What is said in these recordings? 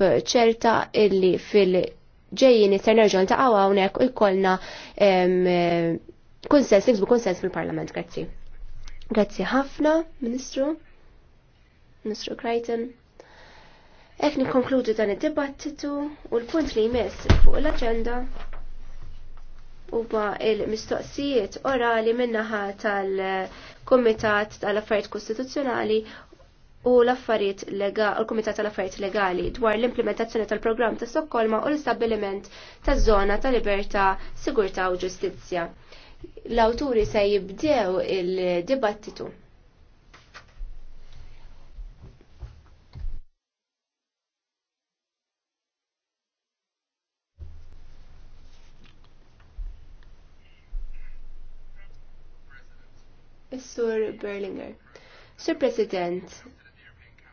ċerta illi fil-ġejjin it-ternerġon ta' għawa unek jkollna konsens, niksbu konsens fil-parlament. Grazzi. Grazzi ħafna, Ministru. Ministru Krajten. Ek nikonkludu dan id-dibattitu u l-punt li jmiss fuq l-agenda huwa il-mistoqsijiet orali minnaħa tal-Komitat tal-Affarijiet Kostituzzjonali u l-affarijiet legali, l-Kumitat tal-Affarijiet Legali dwar l-implementazzjoni tal-programm ta' Stokkolma u l-istabbiliment ta' zona ta' libertà, sigurtà u ġustizzja. L-awturi se jibdew il-dibattitu. Is-Sur Berlinger. Sur President,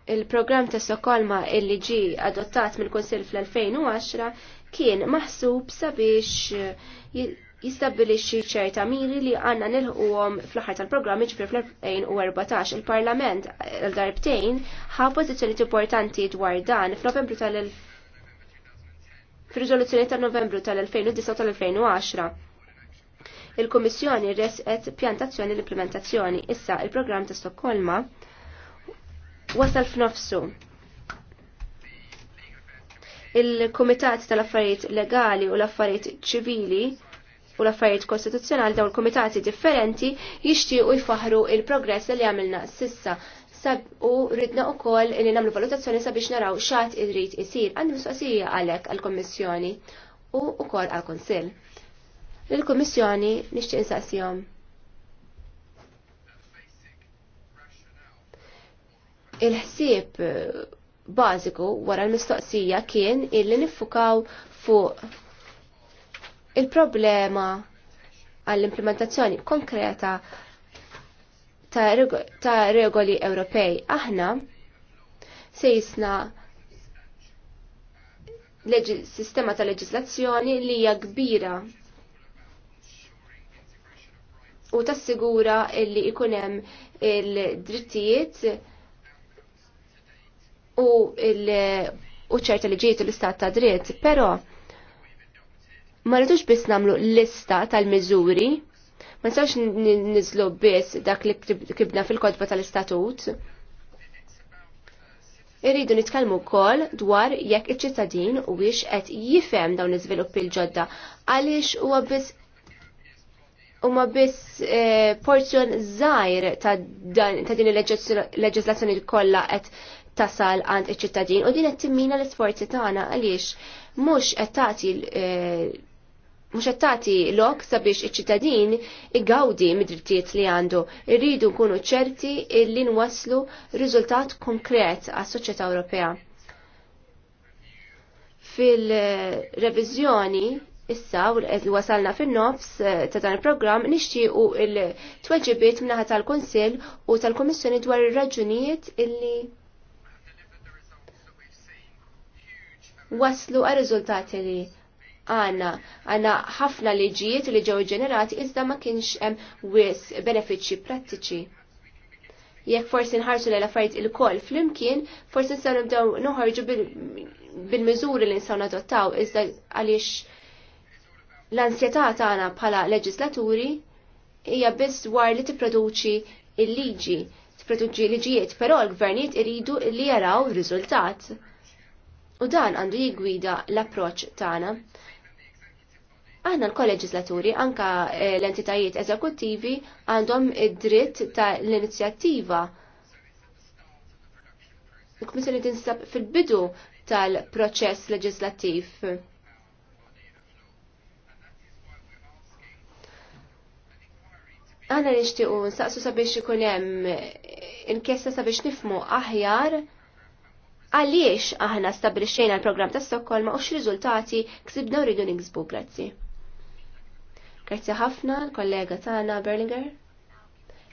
il-programm ta' Sokolma illi ġi adottat mill-Konsil fl-2010 kien maħsub sabiex eh, jistabilixxi ċerta miri li għanna nilħuhom fl-aħħar tal-programm ġifir fl-2014. Il-Parlament eh, l-darbtejn ħa pożizzjonijiet importanti dwar dan fl-Novembru tal- fil-riżoluzzjoni ta' Novembru tal-2009 tal-2010. il komissjoni resqet pjantazzjoni l-implementazzjoni issa il-programm ta' Stokkolma wasal f'nofsu. Il-Kumitat tal-Affarijiet Legali u l-Affarijiet Ċivili u l-affarijiet kostituzzjonali dawn il-komitati differenti jixtiequ jfaħru il-progress li għamilna sissa sab u ridna u koll li namlu valutazzjoni sabiex naraw xat irrid isir għandu mistoqsija għalek għal-Kommissjoni u u koll għal-Konsil. Il-Kommissjoni nixtieq insaqsihom il-ħsieb eh, bażiku wara l-mistoqsija kien illi niffukaw fuq il-problema għall-implementazzjoni konkreta ta' regoli Ewropej. Aħna sejsna sistema ta' leġislazzjoni li hija kbira u tassigura li ikun hemm il-drittijiet u ċerta li ġiet l-istat ta' dritt, pero ma rridux biss namlu lista tal-miżuri, ma nistax niżlu biss dak li kibna fil-kodba tal-istatut. Irridu nitkellmu wkoll dwar jekk iċ-ċittadin huwiex qed jifhem dawn iż-żviluppi l-ġodda għaliex huwa biss huma biss e, porzjon żgħir ta' din il-leġiżlazzjoni kollha qed tasal għand iċ-ċittadin u din qed timmina l-isforzi tagħna għaliex mhux qed tagħti eh, mhux qed tagħti lok sabiex iċ-ċittadin igawdi mid-drittijiet li għandu. Irridu nkunu ċerti li nwasslu riżultat konkret għas-soċjetà Ewropea. Fil-reviżjoni issa u wasalna fin-nofs eh, ta' dan il-programm nixtiequ il-tweġibiet minnaħa tal-Kunsill u tal-Kummissjoni dwar ir-raġunijiet illi waslu għal riżultati li għana, għana ħafna liġijiet li ġew ġenerati iżda ma kienx hemm wis benefiċċji prattiċi. Jekk forsi nħarsu l affarijiet il-koll flimkien, forsi nistgħu nibdew noħorġu bil-miżuri li nistgħu nadottaw iżda għaliex l-ansjetà tagħna bħala leġislaturi hija biss dwar li tipproduċi il-liġi, tipproduċi liġijiet, però l-gvernijiet iridu li jaraw riżultat. U dan għandu jigwida l-approċ tagħna. Aħna l-kolleġislaturi, anka eh, l-entitajiet eżekuttivi għandhom id-dritt ta' l-inizjattiva. Il-Kummissjoni tinsab fil-bidu tal-proċess leġislattiv. Għana nishtiqu nsaqsu sabiex ikun hemm inkjesta sabiex nifmu aħjar għaliex aħna stabilixxejna l-programm ta' Stokkolma u x'riżultati ksibna u rridu niksbu grazzi. Grazzi ħafna l-kollega tagħna Berlinger.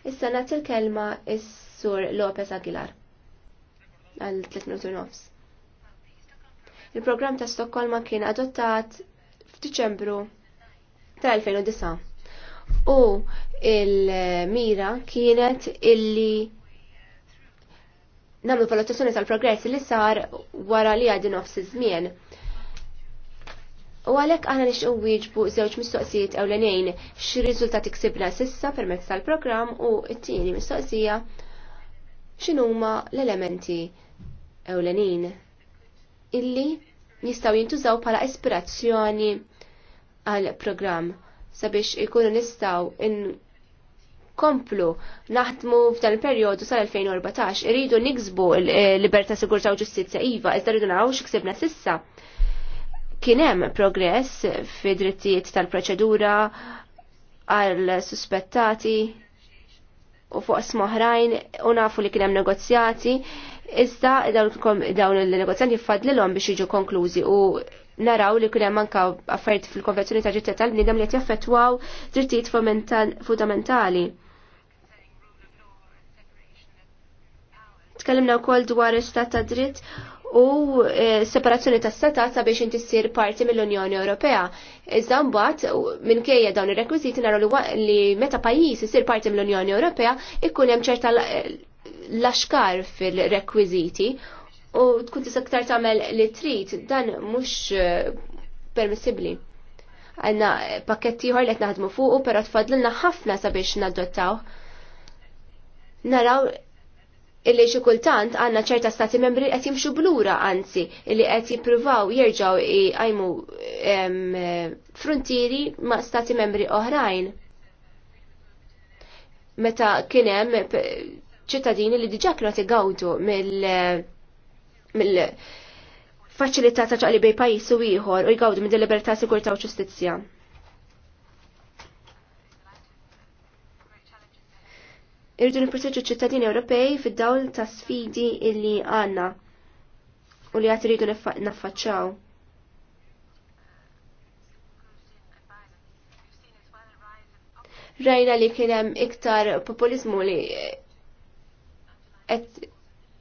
Issa nagħti l-kelma is-Sur Lopez Aguilar għal 3 minuti nofs. Il-programm ta' Stokkolma kien adottat f'Diċembru tal-2009 u il-mira kienet illi namlu valutazzjoni tal-progress li sar wara li għadin nofs iż-żmien. U għalhekk aħna nixqu wieġbu żewġ mistoqsijiet ewlenejn x'riżultat iksibna sissa permezz tal-programm u t-tieni mistoqsija x'inhuma l-elementi ewlenin illi jistgħu jintużaw bħala ispirazzjoni għal programm sabiex ikunu nistgħu komplu naħdmu f'dan il-perjodu sal-2014 irridu niksbu l-libertà eh, sigurtà u ġustizzja iva, iżda rridu naraw x'ksibna sissa. Kien hemm progress fi drittijiet tal-proċedura għal suspettati u fuq smoħrajn u nafu li kien hemm negozjati iżda dawn il-negozjati fadlilhom biex jiġu konklużi u naraw li kien hemm anke affarijiet fil-konvenzjoni ta' ġittet tal-bniedem li qed jaffettwaw drittijiet fundamentali. Tkellimna wkoll dwar istat ta' dritt u e, separazzjoni ta' stata sabiex inti ssir parti mill-Unjoni Ewropea. Iżda mbagħad minkejja dawn ir-rekwiżiti naraw li meta pajjiż isir parti mill-Unjoni Ewropea ikun hemm ċerta laxkar fil-rekwiżiti u tkun tista' aktar tagħmel li trid dan mhux e, permissibbli. Għanna pakketti ieħor li qed naħdmu fuqu, però tfadlilna ħafna sabiex nadottaw. Naraw illi xi kultant għandna ċerta stati membri qed jimxu blura anzi illi qed jippruvaw jerġgħu jgħajmu frontieri ma' stati membri oħrajn. Meta kien hemm ċittadini li diġà kienu igawdu mill mill faċilità ta' ċaqli bej pajjiż u ieħor u jgawdu mill libertà, sigurtà u ġustizzja. irridu nipproteġu ċittadini Ewropej fid-dawl ta' sfidi illi għanna u li għat iridu naffaċċaw. Rajna li kienem iktar populizmu li qed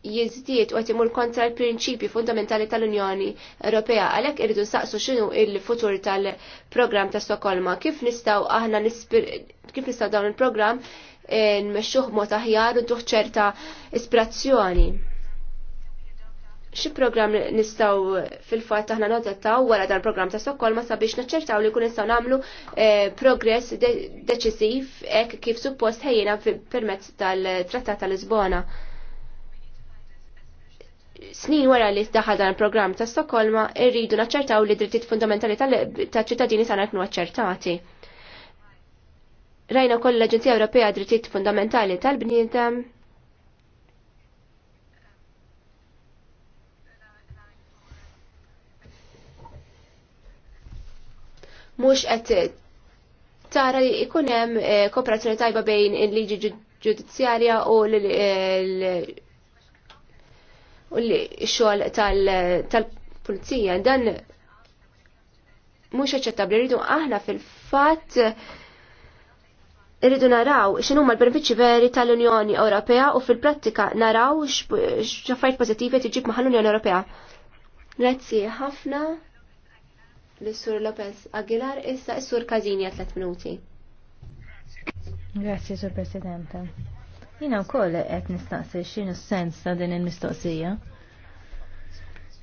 jizdiet u qed imur kontra l-prinċipji fundamentali tal-Unjoni Ewropea għalhekk irridu saqsu x'inhu il-futur tal-programm ta' Stokkolma. Kif nistgħu aħna kif nistgħu dawn il-programm E, nmexxuh mod aħjar u tuħ ċerta ispirazzjoni. Xi programm nistgħu fil-fatt aħna notettaw wara dan programm ta' Stokkolma sabiex naċċertaw li kun nistgħu nagħmlu e, progress deċisiv hekk kif suppost ħejjina permezz tal-Trattat tal-Lisbona. Snin wara li daħal dan il-programm ta' Stokkolma irridu naċċertaw li drittijiet fundamentali tal-ċittadini sa' jkunu aċċertati. Rajna koll l-Aġenzija Ewropea Drittijiet Fundamentali tal-Bniedem. Mhux qed tara li jkun hemm eh, kooperazzjoni tajba bejn il-liġi ġudizzjarja u l-xogħol tal-pulizija. Dan mhux aċċettabbli rridu aħna fil-fatt irridu naraw xinu ma l-benefiċċji veri tal-Unjoni Ewropea u fil-prattika naraw x'affarijiet pozitivi tiġib maħal l-Unjoni Ewropea. Grazzi ħafna l-Sur Lopez Aguilar issa s-Sur Kazini għal 3 minuti. Grazzi Sur Presidente. Jina wkoll qed nistaqsi x'inhu s-sens ta' din il-mistoqsija.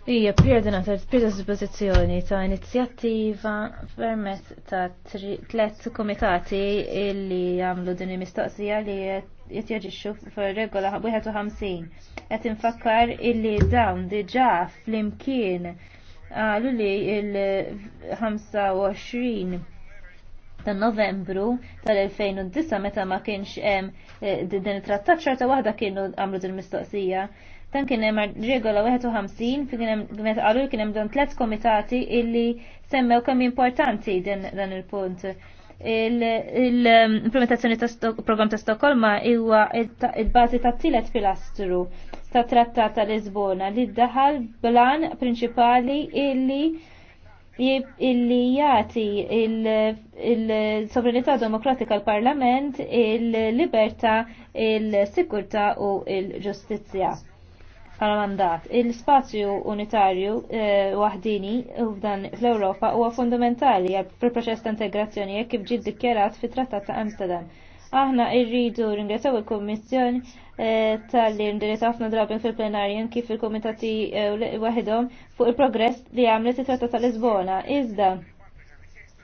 Ija priordinata predispożizzjoni ta' inizjattiva permess ta' tlet komitati illi għamlu din il-mistoqsija li qed jaġixxu fir-regola 51. Qed infakkar illi dawn diġà flimkien għalu li il-25 ta' Novembru tal-2009 meta ma kienx hemm eh, din it-trattat xorta waħda kienu għamlu din il-mistoqsija Dan kien hemm regola 51 fi kien hemm meta qalu kien hemm dan tliet komitati illi semmew kemm importanti dan il-punt il-implementazzjoni ta' program ta' Stokolma huwa il-bażi ta' tielet pilastru ta' Trattat ta' Lisbona li ddaħal blan prinċipali illi illi jati il-sovranità demokratika l-Parlament, il-libertà, il-sikurtà u il-ġustizzja bħala mandat. Il-spazju unitarju eh, waħdini f'dan fl-Ewropa huwa fundamentali għal proċess ta' integrazzjoni jekk kif ġie ddikjarat fit-Trattat ta' Amsterdam. Aħna rridu ringrazzjaw il-Kummissjoni eh, tal-li ndiriet ħafna drabin fil-plenarjen kif il-komitati eh, waħedhom fuq il-progress li għamlet it-Trattat ta' Lisbona. Iżda,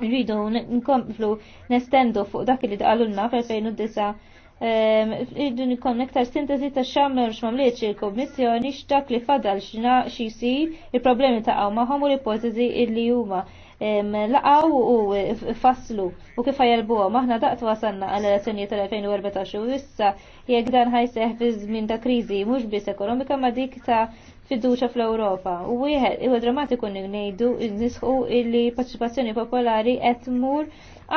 rridu nkomplu nestendu fuq dak li d-għalunna fil 2009 Iddu nikon nektar sintesi ta' xammer x'mamlietx il-Kommissjoni x'tak li fadal xina xisi il-problemi ta' għaw maħom u l-ipotezi illi huma laqaw u faslu u kif ħajelbuha maħna daqt wasanna għal elezzjoni tal-2014 u issa jekk dan ħajseħ fi żmien ta' kriżi mhux biss ekonomika ma' dik ta' fiduċa fl-Ewropa. U wieħed huwa drammatiku ngħidu nisħu li paċipazzjoni popolari qed tmur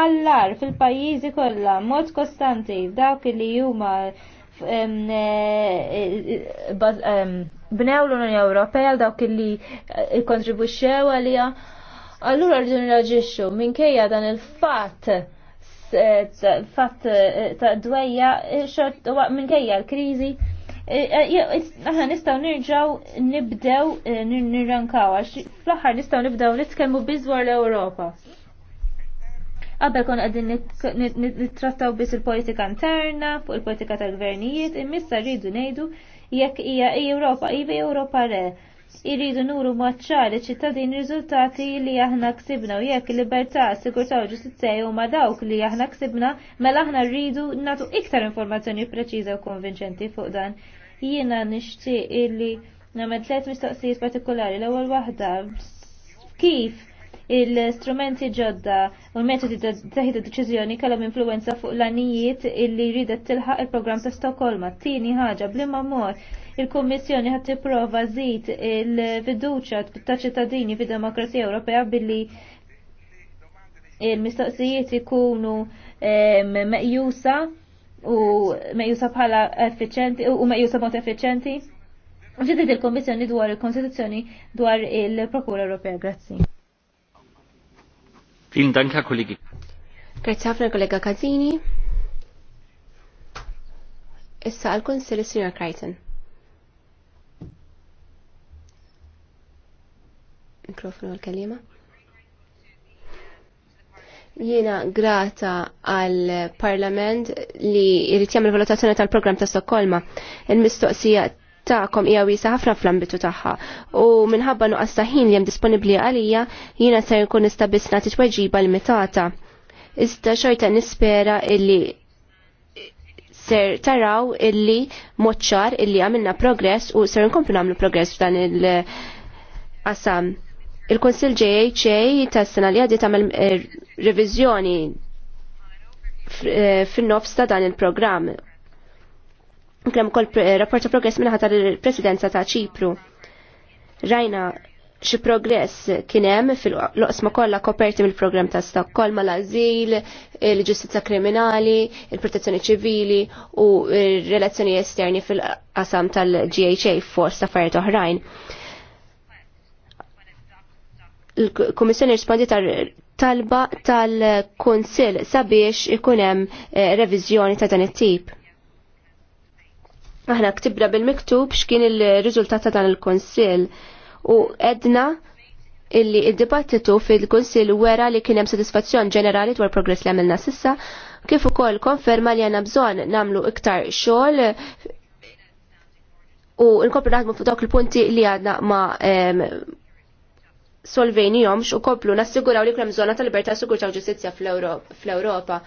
għallar fil-pajjiżi kollha mod kostanti dawk li huma e, e, bnew l-Unjoni Ewropea dawk li e, kontribwixxew għalija. Allura rridu nirraġixxu minkejja dan il-fatt fatt ta' dwejja minkejja l-kriżi aħna nistgħu nirġgħu nibdew nirrankaw għax fl-aħħar nistgħu nibdew nitkellmu biżwar l-Ewropa. Qabel kon qegħdin nittrattaw biss il-politika interna fuq il-politika tal-gvernijiet, imissa rridu ngħidu jekk hija Ewropa, iva Ewropa re. Irridu nuru maċċar iċ-ċittadin riżultati li aħna ksibna u jekk libertà, sigurtà u ġustizzja ma dawk li aħna ksibna, mela aħna rridu natu iktar informazzjoni preċiża u konvinċenti fuq dan. Jiena nixtieq illi nagħmel tliet mistoqsijiet partikolari l-ewwel waħda kif il-strumenti ġodda u l-metodi taħid deċiżjoni kellhom influenza fuq l-anijiet illi jridet tilħaq il-programm ta' t Tieni ħaġa blimma mod il-Kummissjoni ħadd tipprova żid il-fiduċja ta' ċittadini fid-Demokrazija Ewropea billi il-mistoqsijiet ikunu meqjusa u meqjusa bħala effiċenti u meqjusa mod effiċenti. Ġidet il-Kommissjoni dwar il-Konstituzzjoni dwar il-Prokura Ewropea. Grazzi. Vielen Dank, Herr Kollege. Grazie ħafna kollega Kazini. Issa għal-Konsil Sr. Crichton. Mikrofonu għal-kalima. Jiena grata għal-Parlament li irrit jagħmel valutazzjoni tal-programm ta' Stokkolma. Il-mistoqsija ta'kom hija wiesa ħafna fl-ambitu tagħha. U minħabba nuqqas ta' ħin li hemm disponibbli għalija jiena se jkun nista' biss nagħti tweġiba limitata. Iżda xorta nispera illi ser taraw illi moċċar illi għamilna progress u ser nkomplu nagħmlu progress f'dan il-qasam. Il-Konsil JHA tas sena li għaddi tamel eh, revizjoni eh, fin-nofs ta' dan il-programm Krem kol eh, rapport ta' progress minna ħatar l-presidenza ta' ċipru. Rajna xi progress kien hemm fil-loqsma kollha koperti mill-programm ta' Stockholm l azil il-ġustizza kriminali, il-protezzjoni ċivili u r-relazzjoni esterni fil-qasam tal-GHA force affarijiet oħrajn. Il-Kummissjoni tal talba tal-Kunsill sabiex ikun hemm eh, reviżjoni ta' dan it-tip Aħna ktibra bil-miktub x'kien il-riżultat ta' dan il-Konsill u edna illi id-dibattitu fil-Konsill wera li kien hemm sodisfazzjon ġenerali dwar progress li għamilna sissa kif ukoll konferma li għandna bżonn nagħmlu iktar xogħol u nkomplu naħdmu fuq dawk il-punti li għadna ma' solvejnijomx u koplu nassiguraw li kemm hemm żona libertà sigurtà u ġustizzja fl-Ewropa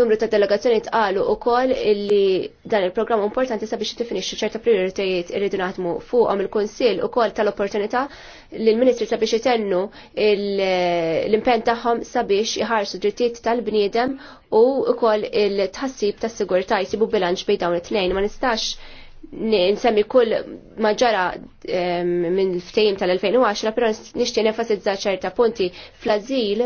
numru ta' delegazzjoni tqalu u koll illi dan il-programm importanti sabiex tifinixxu ċerta prioritajiet irridu naħdmu fuqhom il-Kunsill ukoll tal-opportunità lill ministri sabiex itennu l-impenn tagħhom sabiex iħarsu drittijiet tal-bniedem u wkoll il-tħassib tas-sigurtà jsibu bilanċ bejn dawn it-tnejn ma nistax nsemmi kull maġġara minn ftejim tal-2010, però nixtieq nenfasizza ċerta punti fl-azil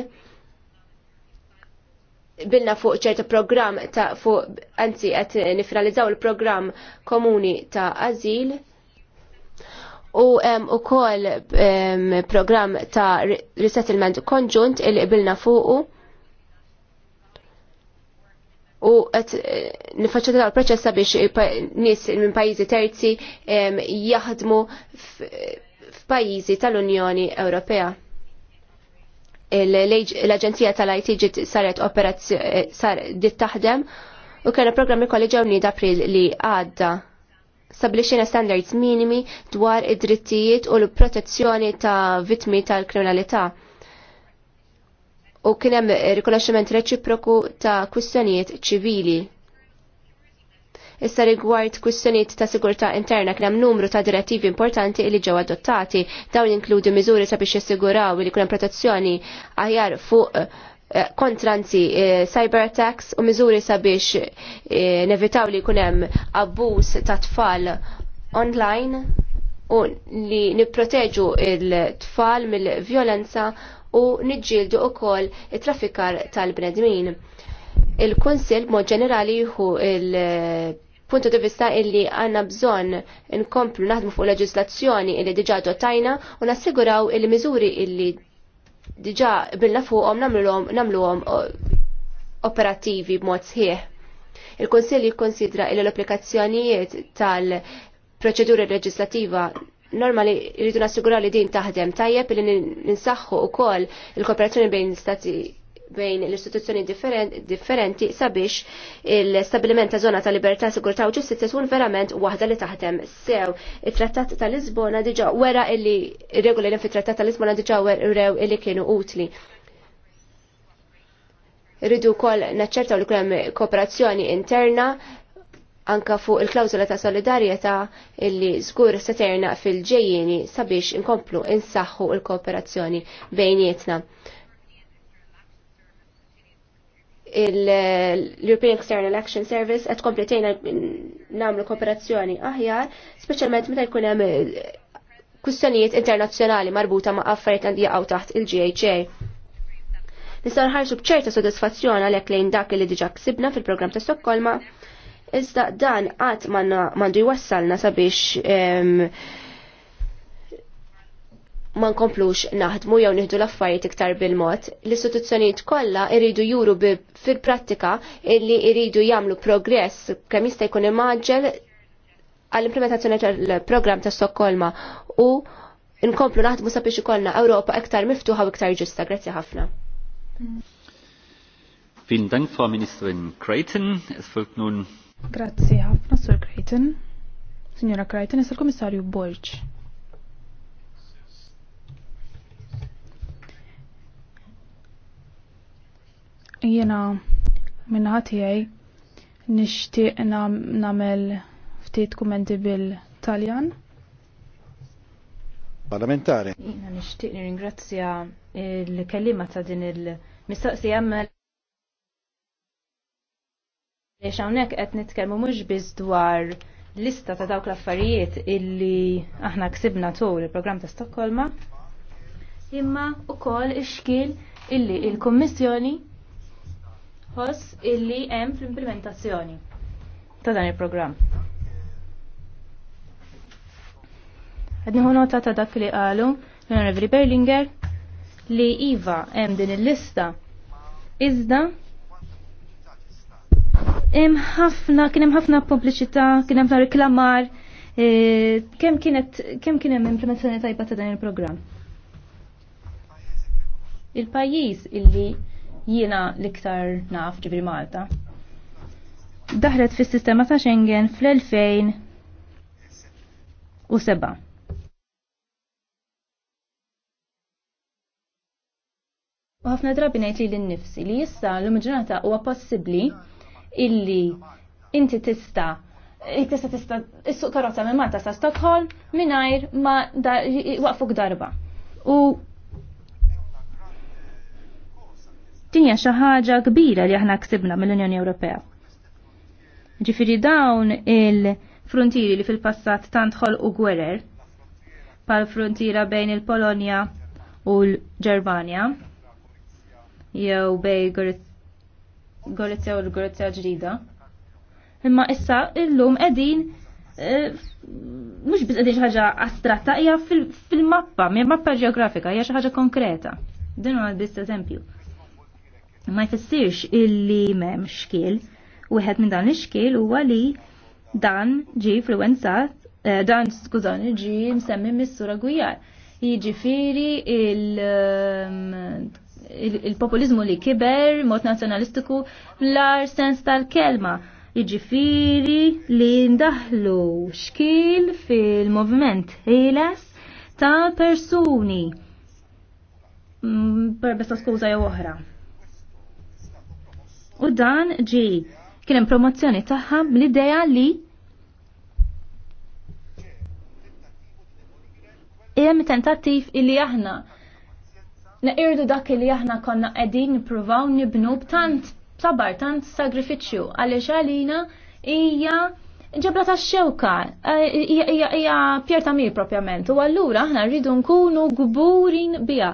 bilna fuq ċerta program ta' fuq, anzi, qed nifralizzaw il-program komuni ta' azil u um, u kol um, program ta' resettlement konġunt il bilna fuqu u għet eh, nifacċata il proċessa biex nis minn pajizi terzi um, jaħdmu f'pajizi tal-Unjoni Ewropea l-Aġenzija tal-IT ġiet saret operazzjoni eh, taħdem u kena programmi kolli ġewni d'April li għadda stablixxina standards minimi dwar id-drittijiet u l-protezzjoni ta' vittmi tal-kriminalità. U kien hemm rikonoxximent reċiproku ta' kwistjonijiet ċivili Issa rigward kwistjoniet ta' sigurtà interna kien hemm numru ta' direttivi importanti li ġew adottati. Dawn inkludi miżuri sabiex jassiguraw li kien protezzjoni aħjar fuq eh, kontranzi eh, cyber attacks u miżuri sabiex eh, nevitaw li jkun hemm abbuż ta' tfal online u li nipproteġu il-tfal mill-vjolenza u niġġieldu u it-traffikar tal-bnedmin il-Kunsil mod ġenerali jieħu il- punto di vista illi għanna bżon nkomplu naħdmu fuq leġislazzjoni illi diġa dotajna u nassiguraw illi miżuri illi diġa bilna fuqhom namluhom uh, operattivi b'mod sħiħ. il konsil jikkonsidra illi l-applikazzjonijiet tal-proċedura leġislativa normali jridu nassiguraw li din taħdem tajjeb illi ninsaħħu ukoll il-kooperazzjoni bejn l-Stati bejn l-istituzzjoni differenti sabiex il-stabiliment ta' zona ta' libertà, sigurtà u ġustizja tkun verament waħda li taħdem sew. Il-Trattat ta' Lisbona diġa wera illi regoli li fit-Trattat ta' Lisbona diġa rew illi kienu utli. Ridu kol naċċertaw li kunem kooperazzjoni interna anka fuq il-klawzula ta' solidarjetà illi żgur seterna fil ġejjini sabiex inkomplu insaħħu l-kooperazzjoni bejnietna l-European External Action Service qed kompletajna nagħmlu kooperazzjoni aħjar, speċjalment meta jkun hemm eh, kwistjonijiet internazzjonali marbuta ma' affarijiet għandi jaqgħu taħt il-GHA. Nista' nħarsu bċerta sodisfazzjon għalhekk lejn dak li diġà ksibna fil-programm ta' Stokkolma, iżda dan qatt m'għandu jwassalna sabiex ehm, ma nkomplux naħdmu jew nieħdu l-affarijiet iktar bil-mod, l-istituzzjonijiet kollha jridu juru fil-prattika illi iridu jagħmlu progress kemm jista' jkun imaġġel għall-implementazzjoni tal-programm ta' Stokkolma u nkomplu naħdmu sabiex ikollna Ewropa iktar miftuħa u iktar ġusta. Grazzi ħafna. Vielen Dank, Frau Ministerin Creighton. Es folgt nun. Grazie, Hafna, Sir Creighton. Signora Creighton, es il Kommissario Borch. Jena minna ħatijaj nishtiq namel ftit kummenti bil-Taljan. Parlamentari. Jena nishtiq ringrazzja il-kellima ta' din il-mistaqsija Lex hawnhekk qed nitkellmu mhux biss dwar lista ta' dawk l-affarijiet illi aħna ksibna tul il-programm ta' Stokkolma, imma ukoll ix-xkil illi il-Kummissjoni ħoss illi hemm fl-implementazzjoni ta' dan il-programm. Għadni nota ta' dak li qalu l-Onorevoli Berlinger li Iva hemm din il-lista iżda hemm ħafna kien hemm ħafna pubbliċità, kien hemm riklamar e, kemm kienet kemm kien hemm implementazzjoni tajba ta' dan il-programm. Il-pajjiż illi jiena l-iktar naf ġivri Malta. Daħlet fis sistema ta' Schengen fl-2007. U ħafna drabi ngħid li nnifsi li issa l-imġġorata huwa possibbli illi inti tista' tista' tista' issuq karozza minn Malta sa' Stockholm mingħajr ma waqfuk darba. U Dinja xi ħaġa kbira li aħna ksibna mill-Unjoni Ewropea. Ġifieri dawn il-frontieri li fil-passat tant u gwerer pal frontiera bejn il-Polonja u l-Ġermanja jew bej Gorizja u l-Gorizja ġrida. Imma issa illum qegħdin eh, mhux biss qegħdin xi ħaġa astratta hija fil-mappa, minn mappa ġeografika, hija xi ħaġa konkreta. Din huwa biss eżempju. Ma jfissirx illi m'hemm xkiel. Wieħed minn dan l-xkiel huwa li dan ġi fluenzat eh, dan skużani ġi msemmi missura gujjar Gwijar. Jiġifieri eh, il-populizmu li kiber mod nazzjonalistiku ar sens tal-kelma. Jiġifieri li ndaħlu xkil fil movement ħieles ta' persuni. Mm, per besta skuża jew oħra. U dan ġi kien hemm promozzjoni tagħha mill-idea li hemm tentattiv illi aħna neqirdu dak li aħna konna qegħdin nippruvaw nibnu b'tant sabar, tant sagrifiċċju għaliex għalina hija ġabla ta' xewka, hija pjerta mir propjament, u allura aħna rridu nkunu gburin biha.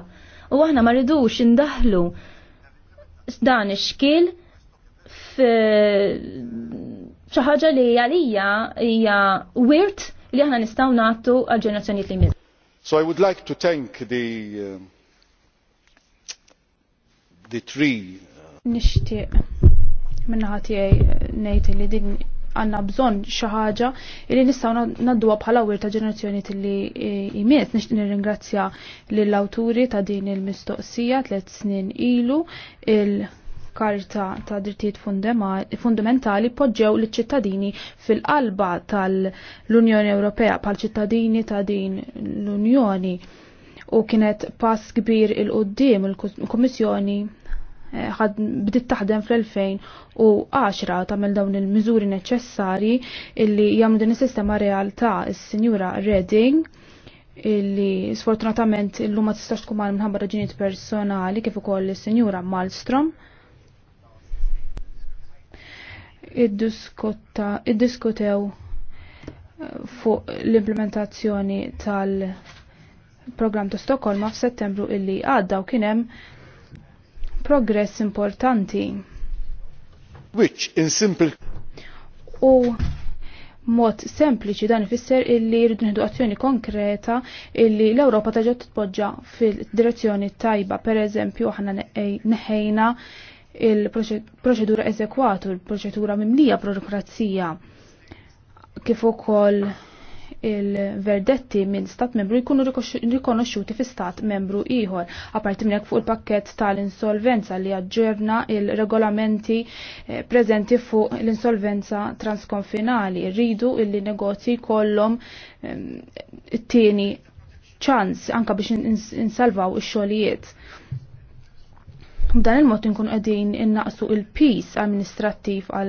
U aħna ma rridux indaħlu dan ix-xkil f'xaħġa li għalija hija wirt li aħna nistgħu natu għal ġenerazzjonijiet li jmiss. So I would like to thank the uh, the three uh, Nixtieq minnaħa tiegħi nejt li din għanna bżon xaħġa li nistaw nadduwa bħala wir ta' ġenerazzjoni li e, jimiet. Nix nirringrazzja l-awturi ta' din il-mistoqsija tliet snin ilu il- karta ta' drittijiet fundamentali poġġew li ċittadini fil-qalba tal-Unjoni Ewropea pal ċittadini ta' din l-Unjoni u kienet pass kbir il-qoddim il-Kommissjoni eh, ħad bdiet taħdem fl-2010 tagħmel dawn il-miżuri neċessari illi jagħmlu din is-sistema realtà is-Sinjura Reding illi sfortunatament illum ma tistax tkun minħabba raġunijiet personali kif ukoll is-Sinjura Malmstrom id-diskutew eh, fuq l-implementazzjoni tal program ta' Stokkolma f'Settembru illi għadda u kien hemm progress importanti. Which in simple U mod sempliċi dan ifisser illi jridu nħidu azzjoni konkreta illi l-Ewropa taġa titpoġġa fil-direzzjoni tajba. Per eżempju, aħna eh, neħejna ne il-proċedura eżekwatu, il-proċedura mimlija burokrazija kif ukoll il-verdetti minn stat membru jkunu rikonoxxuti fi stat membru ieħor. Aparti minn fuq il-pakket tal-insolvenza li aġġorna il-regolamenti eh, preżenti fuq l-insolvenza transkonfinali. Rridu illi negozji kollhom ehm, t-tieni ċans anka biex insalvaw ix-xogħlijiet. B'dan il-mod inkun qegħdin innaqsu il-pis amministrattiv għal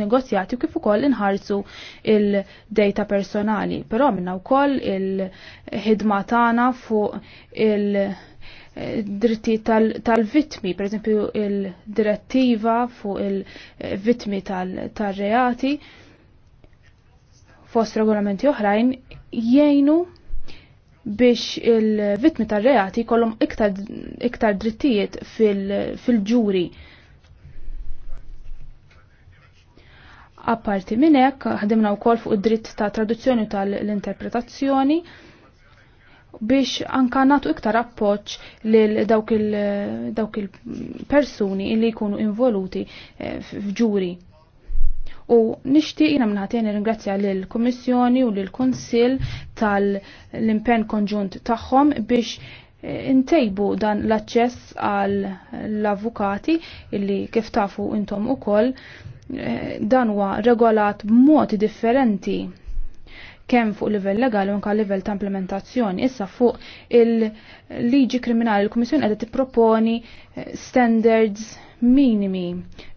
negozjati kif ukoll inħarsu il-data personali, però minna wkoll il-ħidma tagħna fuq il-dritti eh, tal-vitmi, per eżempju il-direttiva fuq il-vitmi tal-reati fost regolamenti oħrajn jgħinu biex il-vitmi tar-reati kollum iktar, iktar drittijiet fil-ġuri. Fil Apparti minn hekk ħdimna wkoll fuq id-dritt ta' traduzzjoni tal-interpretazzjoni biex anka natu iktar appoġġ lil dawk il-persuni il li jkunu involuti eh, f'ġuri u nixtieq jiena mingħatejn ringrazzja lill kummissjoni u lill kunsill tal-impenn konġunt tagħhom biex eh, intejbu dan l-aċċess għal l-avukati illi kif tafu intom ukoll eh, dan huwa regolat b'mod differenti kemm fuq livell legali u anke livell ta' implementazzjoni. Issa fuq il-liġi kriminali l-Kummissjoni qed tipproponi eh, standards minimi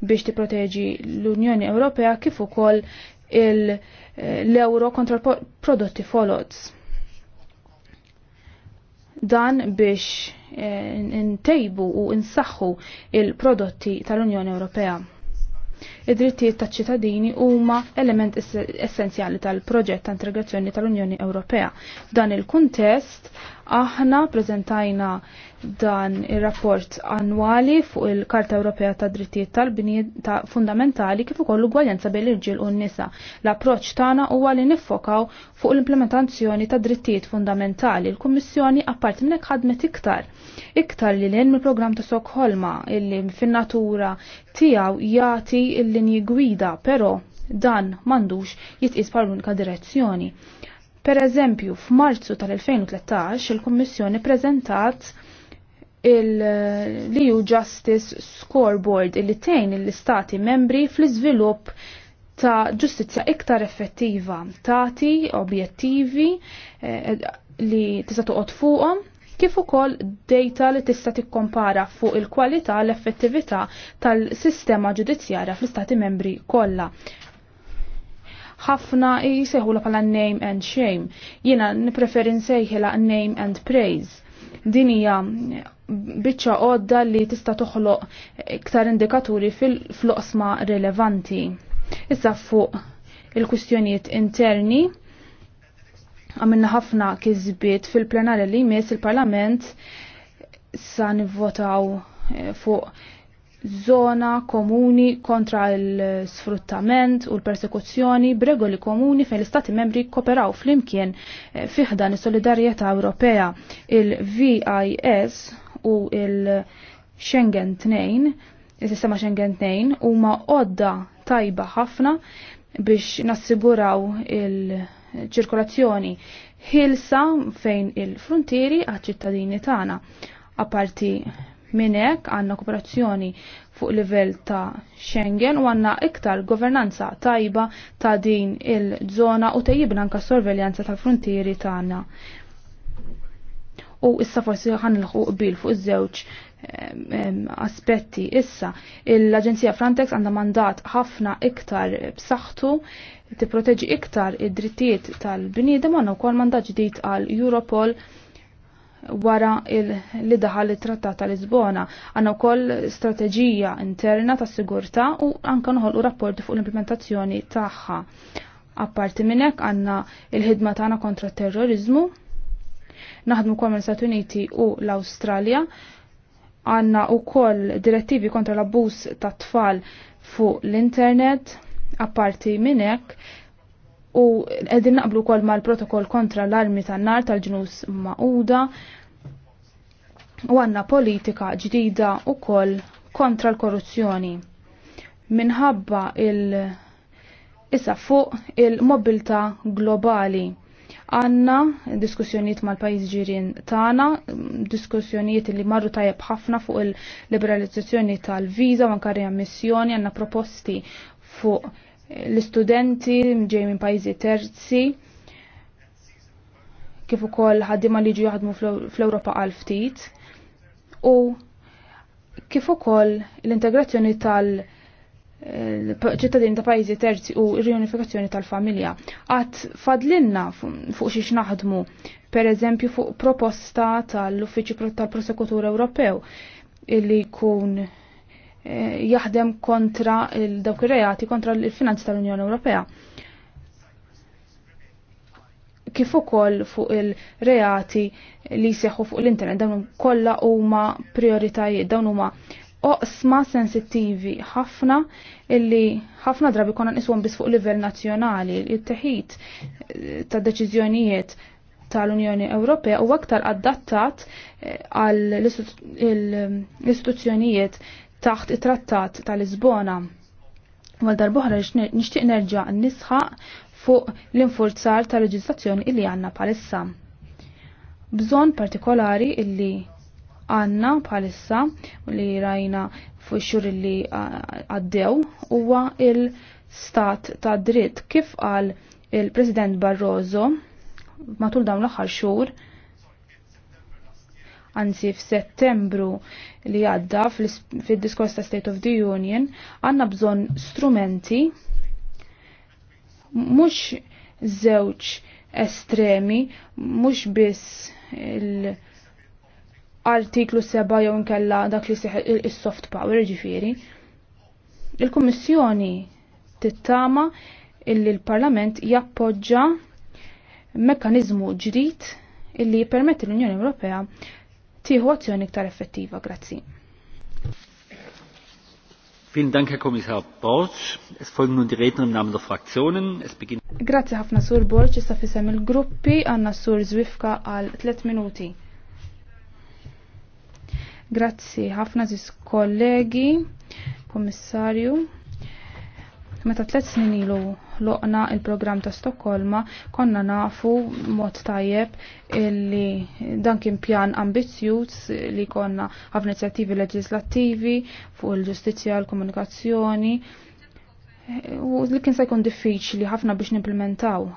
biex tipproteġi l-Unjoni Ewropea kif ukoll l-euro kontra prodotti folots. Dan biex intejbu eh, u insaxħu il-prodotti tal-Unjoni Ewropea id-drittijiet taċ-ċittadini huma element essenzjali tal-proġett ta' integrazzjoni tal-Unjoni Ewropea. F'dan il-kuntest aħna preżentajna dan ir-rapport annwali fuq il-Karta Ewropea ta' Drittijiet tal-Bniet ta' fundamentali kif ukoll ugwaljanza bejn l-irġiel u n-nisa. L-approċċ tagħna huwa li niffokaw fuq l-implementazzjoni ta' drittijiet fundamentali. Il-Kummissjoni apparti minn hekk ħadmet iktar. Iktar li l programm ta' Sokħolma illi fin-natura tiegħu jagħti il linji gwida, però dan mandux jitqis par l-unika direzzjoni. Per eżempju, f'Marzu tal-2013 il-Kummissjoni preżentat il-EU eh, e Justice Scoreboard illi tejn l-istati membri fl-iżvilupp ta' ġustizja iktar effettiva, tati, objettivi eh, li tista' toqgħod fuqhom kif ukoll data li tista' tikkompara fuq il-kwalità l-effettività tal-sistema ġudizzjarja fl-istati membri kollha. Ħafna jisejħula bħala name and shame. Jiena nippreferi nsejħilha name and praise. Din hija biċċa għodda li tista' toħloq iktar indikaturi fil-floqsma rilevanti. Issa fuq il-kustjonijiet interni għamilna ħafna kizbiet fil-plenarja li jmiss il-Parlament sa nivvotaw eh, fuq zona komuni kontra l-sfruttament u l-persekuzzjoni b'regoli komuni fejn l-Istati membri koperaw fl-imkien eh, fiħdan is-Solidarjetà Ewropea il-VIS u il-Schengen 2 il-sistema Schengen 2 huma odda tajba ħafna biex nassiguraw il- ċirkolazzjoni ħilsa fejn il-frontieri għaċ-ċittadini tagħna. Aparti minn hekk għandna kooperazzjoni fuq livell ta' Schengen u għandna iktar governanza tajba ta' din il-żona u tajibna anka sorveljanza tal-frontieri tagħna. U issa forsi ħanilħu qbil fuq iż-żewġ aspetti. Issa, l-Aġenzija Frontex għandha mandat ħafna iktar b'saħħtu tipproteġi iktar id-drittijiet tal-bniedem għandna wkoll mandat ġdid għal Europol wara li daħal it-Trattat ta' Lisbona. Għandna wkoll strateġija interna ta' sigurtà u anke noħolqu rapporti fuq l-implementazzjoni tagħha. Apparti minn hekk għandna il-ħidma tagħna kontra t terrorizmu, naħdmu kol mal-Stati Uniti u l-Awstralja għanna u koll direttivi kontra l-abbus ta' tfal fuq l-internet, apparti minnek, u għedin naqblu ma' mal protokoll kontra l-armi tan-nar tal-ġnus ma'uda, u għanna politika ġdida u koll kontra l-korruzzjoni. Minħabba il- issa fuq il-mobilta globali għanna diskussjoniet mal-pajis ġirin tana, diskussjoniet li marru tajab ħafna fuq il-liberalizzazzjoni tal-viza, manka ammissjoni, għanna proposti fuq l-istudenti ġej minn pajjiżi terzi kif ukoll ħaddiema li jiġu jaħdmu fl-Ewropa għal ftit u kif ukoll l-integrazzjoni tal- ċittadini ta' pajjiżi terzi u r-riunifikazzjoni tal-familja. Għat fadlinna fuq xiex naħdmu, per eżempju fuq proposta tal-Uffiċċju tal-Prosekutur Ewropew illi jkun eh, jaħdem kontra dawk ir-reati kontra l-finanzi tal-Unjoni Ewropea. Kif ukoll fuq il-reati li jseħħu fuq l-internet dawn kollha huma prioritajiet, dawn huma oqsma sensittivi ħafna illi ħafna drabi konna niswom bis fuq livell nazzjonali il-teħid eh, ta' deċiżjonijiet tal-Unjoni Ewropea u aktar adattat eh, għal l-istituzzjonijiet taħt it-trattat tal-Lisbona. Għal darbohra nixtieq nerġa' nisħaq fuq l-infurzar tal-leġislazzjoni illi għandna palissa. Bżon partikolari illi għanna bħalissa li rajna fuq xur li għaddew huwa il-stat ta' dritt kif qal il-President Barroso matul dawn l-aħħar xhur anzi f'Settembru li għadda fil-diskors ta' State of the Union għanna bżon strumenti mhux żewġ estremi mhux biss il- artiklu seba' jew nkella dak li seħ il-soft power ġifiri. Il-Kummissjoni tittama illi l-Parlament jappoġġa mekkanizmu ġdid illi jippermetti l-Unjoni Ewropea tieħu azzjoni iktar effettiva. Grazzi. Vielen Dank, Herr Kommissar Borch. Es folgen nun die Redner im Namen der Fraktionen. Es beginnt. Grazie ħafna Sur Borch, issa fisem il-gruppi Anna Sur Zwifka għal 3 minuti. Grazzi ħafna ziz kollegi, komissarju. Meta tlet snin ilu loqna il-programm ta' Stokkolma konna nafu mod tajjeb illi dan kien pjan ambizzjuż li konna ħafna inizjattivi leġislattivi fuq il-ġustizzja l-komunikazzjoni u li kien se jkun diffiċli ħafna biex nimplementaw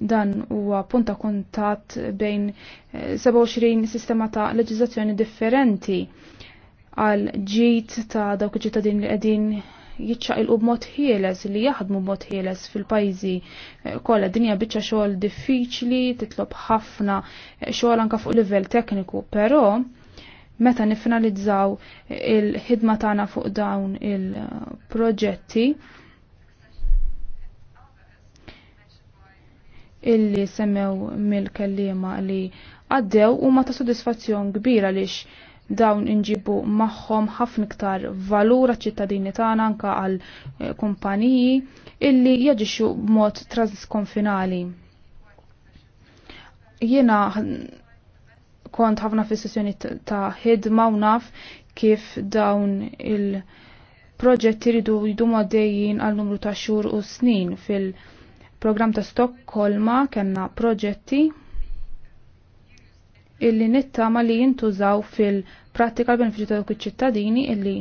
dan huwa punta ta' kuntatt bejn 27 eh, sistema ta' leġiżlazzjoni differenti għal ġit ta' dawk iċ-ċittadini li qegħdin jiċċaqilqu b'mod ħieles li jaħdmu b'mod ħieles fil-pajjiżi eh, kollha dinja biċċa xogħol diffiċli, titlob ħafna eh, xogħol anke fuq livell tekniku, però meta nifinalizzaw il-ħidma tagħna fuq dawn il-proġetti, illi semmew mill-kellima li għaddew u ma ta' sodisfazzjon kbira lix dawn inġibu magħhom ħafna iktar valur ċittadini tagħna anke għal eh, kumpaniji illi jaġixxu b'mod transkonfinali. Jiena kont ħafna fis sessjoni ta' ħidma u naf kif dawn il-proġetti ridu jidu għaddejjin għal numru ta' xhur u snin fil- program ta' Stokkolma kena proġetti illi nittama li jintużaw fil-pratika l benefiċi ta' dawk iċ-ċittadini illi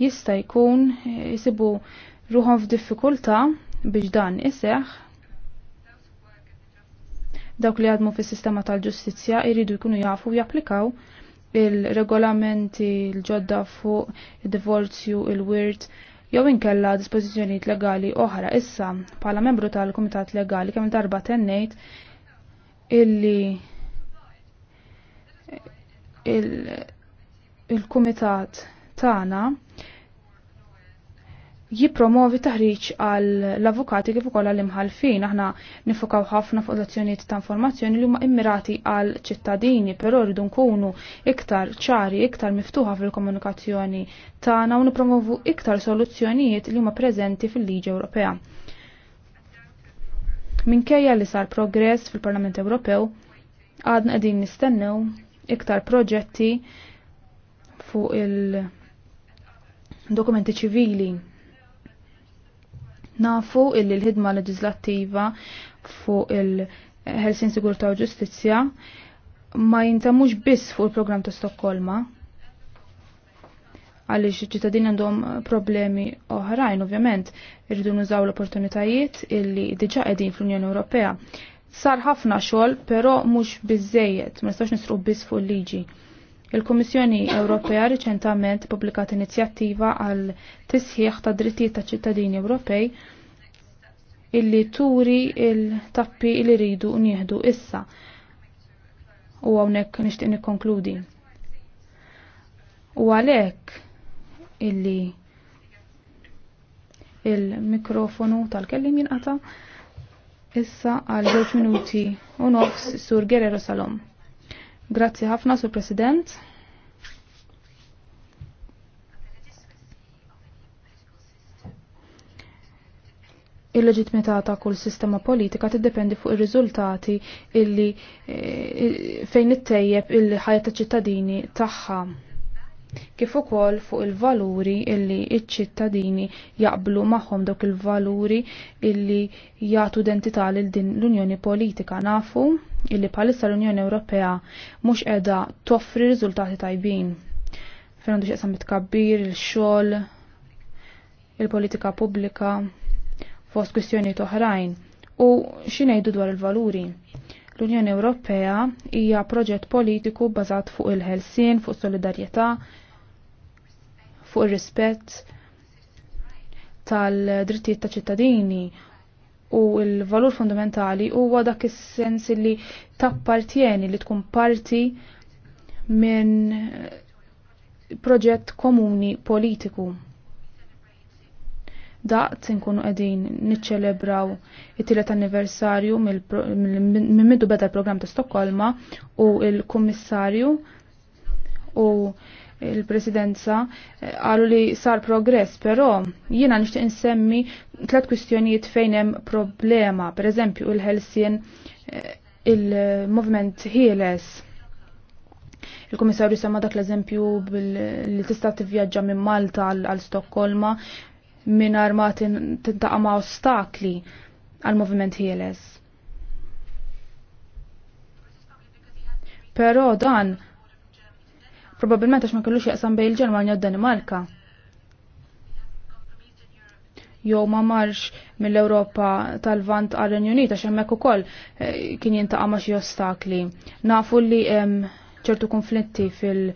jista' jkun eh, jisibu ruħom f'diffikultà biex dan iseħħ dawk li għadmu fis sistema tal-ġustizja jridu jkunu jafu japplikaw il-regolamenti l-ġodda fuq il-divorzju, il-wirt, il jew inkella dispożizzjonijiet legali oħra issa bħala membru tal-Kumitat Legali kemm darba tennejt illi il-Kumitat il tagħna jipromovi taħriġ għal l-avukati kif ukoll għall-imħalfin. Aħna nifukaw ħafna fuq l-azzjonijiet ta' informazzjoni li huma immirati għal ċittadini, però rridu nkunu iktar ċari, iktar miftuħa fil-komunikazzjoni tagħna u nipromovu iktar soluzzjonijiet li huma preżenti fil-Liġi Ewropea. Minkejja li sar progress fil-Parlament Ewropew, għadna qegħdin nistennew iktar proġetti fuq il-dokumenti ċivili Nafu illi l-ħidma leġislattiva fuq il-Helsin Sigurta u Ġustizzja ma jintamux biss fuq il-programm ta' Stokkolma għaliex ċittadini għandhom problemi oħrajn, ovvjament, irridu nużaw l-opportunitajiet illi diġa qegħdin fl-Unjoni Ewropea. Sar ħafna xogħol, però mhux biżejjed, ma nistax nisruq biss fuq il-liġi. Il-Kummissjoni Ewropea riċentament pubblikat inizjattiva għal tisħiħ ta' drittijiet ta' ċittadini Ewropej illi turi il-tappi li ridu nieħdu issa. U hawnhekk nixtieq nikkonkludi. U għalhekk illi il-mikrofonu tal-kellim jinqata' issa għal 2 minuti u nofs sur Gerero Salom. Grazzi ħafna, Sur President. il-leġitmità ta' kull sistema politika tiddependi fuq ir-riżultati illi eh, fejn ittejjeb il-ħajja ċittadini tagħha. Kif ukoll fuq il-valuri illi iċ-ċittadini jaqblu magħhom dawk il-valuri illi jagħtu identità lil din l-Unjoni Politika nafu illi bħalissa l-Unjoni Ewropea mhux qiegħda toffri riżultati tajbin. Fejn għandu x'qsam kabbir, il-xogħol, il-politika pubblika, fost kwistjonijiet oħrajn. U ngħidu dwar il-valuri? L-Unjoni Ewropea hija proġett politiku bażat fuq il-ħelsien, fuq solidarjetà, fuq ir-rispett tal-drittijiet ta' ċittadini u l-valur fundamentali huwa dak is-sens li tappartjeni li tkun parti minn proġett komuni politiku. Daqt nkunu qegħdin niċċelebraw it-tielet anniversarju minn middu beda l-programm ta' Stokkolma u l-Kummissarju u il-presidenza eh, għalu li sar progress, però jiena nixtieq insemmi tliet kwistjonijiet fejn hemm problema, pereżempju il-ħelsien eh, il-movement ħieles. Il-Komissarju sema dak l-eżempju li tista' tivvjaġġa minn Malta għal Stokkolma mingħajr ma tintaqa' ostakli għal moviment ħieles. Però dan Probabilment għax ma kellux jaqsam bej il-Ġermanja u d-Danimarka. Jew ma marx mill-Ewropa tal-Vant għal renju Unita għax hemmhekk ukoll eh, kien jintaqa' ma' xi ostakli. Nafu li hemm ċertu konflitti fil-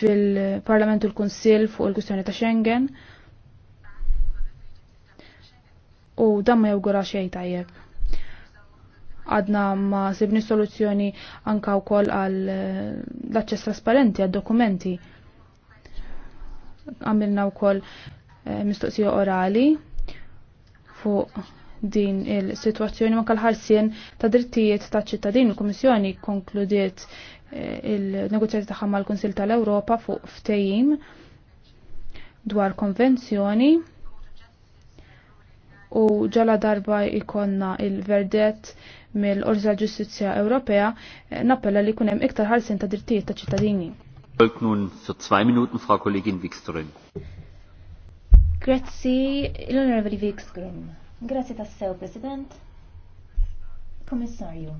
fil-Parlament u l-Kunsill fuq il-kwistjoni ta' Schengen. U dan ma jawgura xejn tajjeb għadna ma sibni soluzzjoni anka wkoll għal eh, l-aċċess trasparenti għad dokumenti. Għamilna wkoll eh, mistoqsija orali fuq din il-situazzjoni ma kalħarsien ta' drittijiet ta' ċittadin. Il-Komissjoni konkludiet eh, il-negozjati ta' mal-Kunsil tal-Ewropa fuq ftehim dwar konvenzjoni u ġala darba ikonna il-verdet mill orza l ġustizzja Ewropea eh, nappella li jkun hemm iktar ħarsin ta' drittijiet ta' ċittadini. nun für zwei Minuten Frau Kollegin Wikström. Grazzi l-Onorevoli Wikström. Grazzi sew President. Komissarju.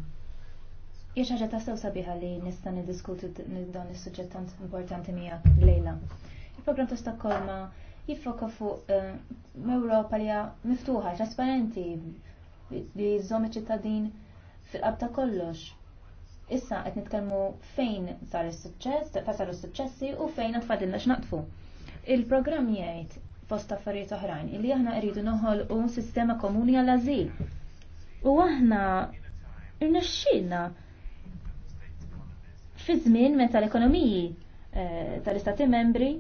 Jiex ħaġa tassew sabiħa li nista' niddiskutu dan is-suġġett tant importanti miegħek lejla. Il-programm ta' Stockholma jiffoka fuq eh, Ewropa li hija miftuħa, trasparenti, li jżomm iċ-ċittadin fil-qabta kollox. Issa qed nitkellmu fejn sar is-suċċess, ta' saru s-suċċessi u fejn qed fadilna x'naqtfu. Il-programm jgħid fost affarijiet oħrajn illi aħna rridu noħolqu sistema komuni għal ażil U aħna irnexxilna fi żmien meta l-ekonomiji eh, tal-istati membri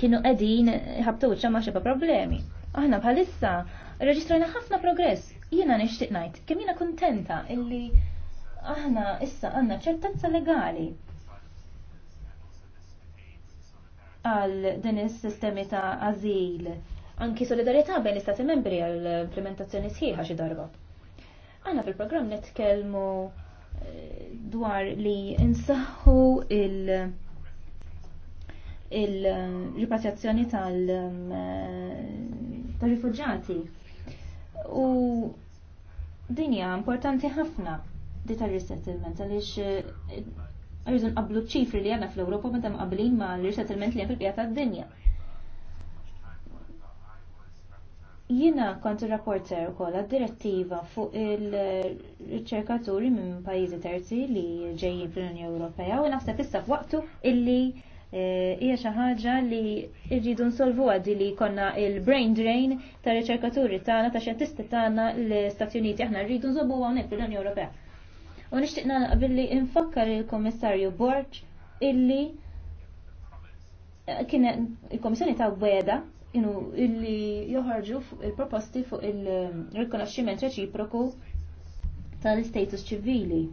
kienu qegħdin ħabtu ma' xeba problemi. Aħna bħalissa rreġistrajna ħafna progress Jiena nixtieq ngħid kemm jiena kuntenta illi aħna issa għandna ċertezza legali għal din is-sistemi ta' azil anki solidarietà bejn l-istati membri għall implementazzjoni sħiħa xi darba. Għanna fil-programm nitkellmu eh, dwar li insaħħu il- il eh, ripatjazzjoni tal-rifugġati. Eh, u dinja importanti ħafna di tal-resettlement għaliex eh, rridu qablu ċifri li għanna fl-Ewropa meta qablin ma l-resettlement li għan fil pjata tad-dinja. Jina kont rapporter ukoll direttiva fuq il-riċerkaturi minn pajjiżi terzi li ġejjin fl-Unjoni Ewropea u naħseb fissa f'waqtu illi Eh, hija xi ħaġa li rridu nsolvu għaddi li konna il-brain drain ta' riċerkaturi tagħna ta' xjentisti tagħna l-Stati Uniti aħna rridu nżobbu hawnhekk fil unjoni Ewropea. U nixtieq billi nfakkar il-Kummissarju Borg illi eh, kien il-Komissjoni ta' weda inu illi joħarġu il-proposti fuq il-rikonoxximent reċiproku tal-istatus ċivili.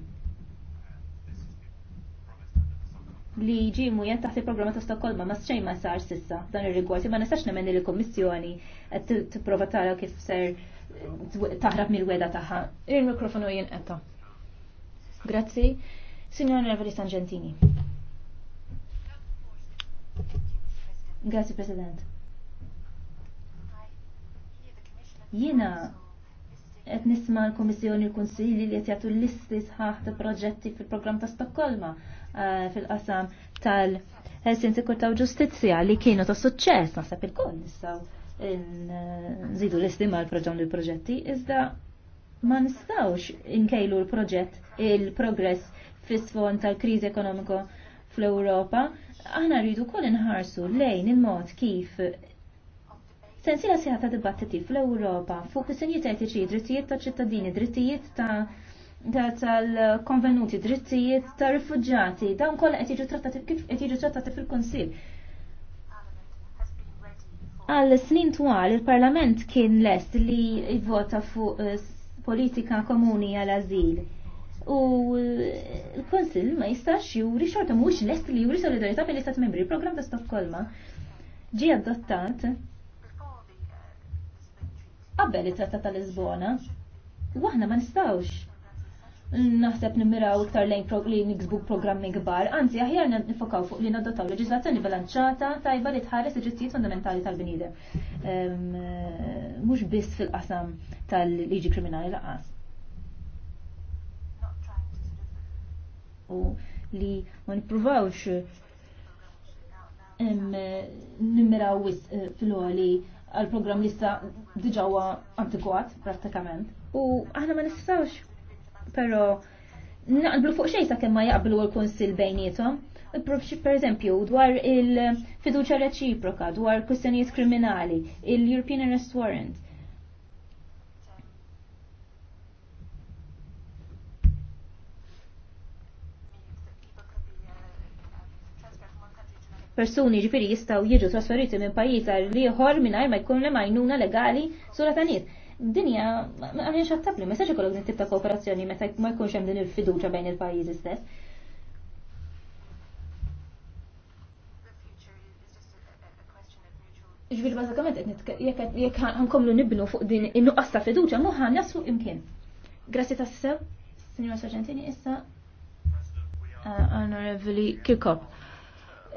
li ġimu jen taħt il-programma ta' Stokkolma ma xejn ma sar sissa dan ir-rigward. Ma nistax nemmen li l-Kummissjoni qed tipprova tara kif ser taħrab mill-weda tagħha. Il-mikrofonu etta. Grazzi. Signor Neveli Sangentini. Grazzi President. Jiena qed nisma' l-Kummissjoni l-Kunsilli li qed jagħtu l-listi sħaħ ta' proġetti fil-programm ta' Stokholma. Eh, fil-qasam tal-Helsin Sikurta ta' Ġustizzja li kienu ta' suċċess naħseb il-koll nistgħu nżidu l-istima l-proġon li proġetti iżda ma nistgħux inkejlu l-proġett il-progress fis-sfond tal-kriżi ekonomiko fl-Ewropa. Aħna rridu kol inħarsu lejn il-mod kif Sensila siħa ta' dibattiti fl ewropa fuq is-senjiet etiċi, drittijiet ta' ċittadini, drittijiet ta' tal-konvenuti, drittijiet ta' rifugġati, dawn kollha qed jiġu trattati kif trattati fil-Kunsill. Għal snin twal il-Parlament kien lest li jivvota fuq eh, politika komuni għal azil. U eh, l-Kunsill ma jistax juri xorta mhux lest li juri solidarità fil istat membri. Il-programm ta' Stokkolma ġie adottat qabel it-Trattat tal-Lisbona. U aħna ma nistawx naħseb nimmiraw iktar lejn li nixbu programmi kbar, anzi aħjar nifokaw fuq li nadottaw leġislazzjoni balanċata tajba li tħares il-ġittijiet fundamentali tal bnidem eh, Mhux biss fil-qasam tal-liġi kriminali laqas. U li ma nippruvawx nimmiraw wis eh, fil li għal-program li diġawa antikwat pratikament. U aħna ma nistawx pero naqblu fuq xejn sakemm ma jaqblu l-Kunsill bejnietom. Per eżempju, dwar il-fiduċa reċiproka, dwar kwistjonijiet kriminali, il-European Arrest Warrant. Persuni ġifiri jistaw jiġu trasferiti minn pajjiż għal ieħor mingħajr ma jkun hemm għajnuna legali sura ta' dinja għamil tabli, ma seċi kollok din ta' kooperazzjoni meta ma jkunx hemm din il-fiduċa bejn il-pajjiżi stess. Ġbir bażikament qed jekk ħankomlu nibnu fuq din in-nuqqas ta' fiduċa mhu ħan naslu imkien. Grazzi tassew, Signora Sargentini, issa uh, Honorevoli Kirkop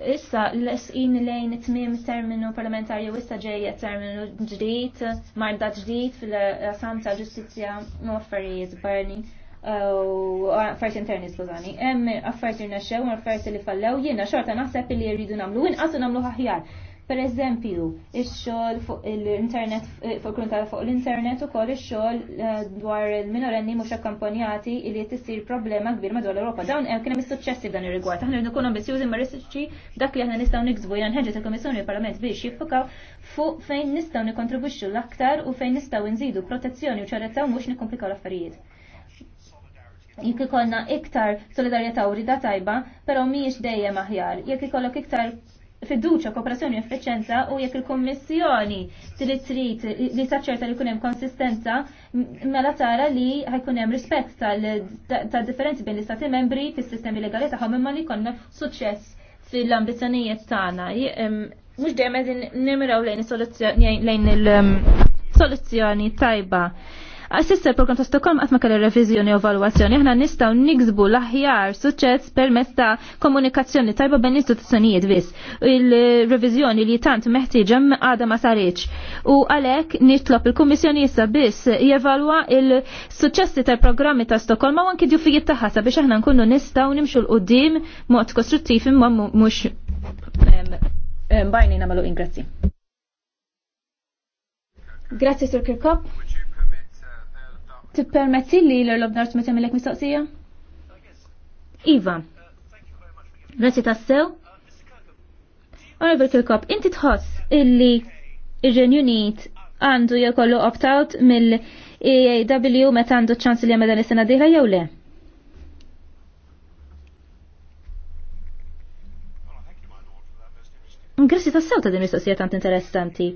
issa l-esqin lejn tmim terminu parlamentarju issa ġejja terminu ġdid, marda ġdid fil-qasam ta' ġustizja u affarijiet barni u affarijiet interni skużani. Hemm affarijiet irnexxew u affarijiet li fallew jiena xorta naħseb li jridu nagħmlu inqasu namlu nagħmlu aħjar Per eżempju, il xogħol fuq l-internet fuq kuntal fuq l-internet ukoll ix-xogħol eh, dwar il-minorenni mhux akkampanjati li tisir problema kbir madwar l europa Dawn hemm eh, kien hemm suċċessi f'dan ir-rigward. Aħna rridu nkunu ambizjużi ma' rissiċċi dak li aħna nistgħu niksbu jiena nħeġġet il komissjoni il parlament biex jiffukaw fuq fejn nistgħu nikontribwixxu l-aktar u fejn nistgħu nżidu protezzjoni u ċarezza u mhux nikomplikaw l-affarijiet. Jek ikollna iktar solidarieta u rida tajba, però mhijiex dejjem aħjar. Jekk ikollok iktar fiduċa, kooperazzjoni u effiċenza u jekk il-Kommissjoni li trid li taċċerta li jkun hemm konsistenza mela tara li ħajkun hemm rispett tal-differenzi bejn l-istati membri fis-sistemi legali tagħhom imma li jkollna suċċess fil-ambizzjonijiet tagħna. Mhux dejjem qegħdin nimraw lejn lejn il-soluzzjoni tajba. Assissa il-program ta' Stockholm għatma kelli revizjoni u evalwazzjoni, aħna nistaw niksbu l-aħjar suċċess permezz ta' komunikazzjoni tajba bejn istituzzjonijiet biss. Il-revizjoni li tant meħtieġa għada ma saritx. U għalhekk nitlob il-Kummissjoni issa biss jevalwa il-suċċessi tal-programmi ta' Stockholm u anki ġufijiet tagħha biex aħna nkunu nistgħu nimxu l-qudiem mod kostruttiv imma mhux bajni nagħmlu ingrazzi. Grazie Sir Kirkop. Tippermetti li l-Orlob ma temmilek mistoqsija? Iva. Grazzi tassew. Onorevoli Kirkop, inti tħoss illi ir-Renju Unit għandu jekollu opt-out mill-EAW meta għandu ċans li is-sena diħla jew le? Grazzi ta' sew ta' din mistoqsija tant interessanti.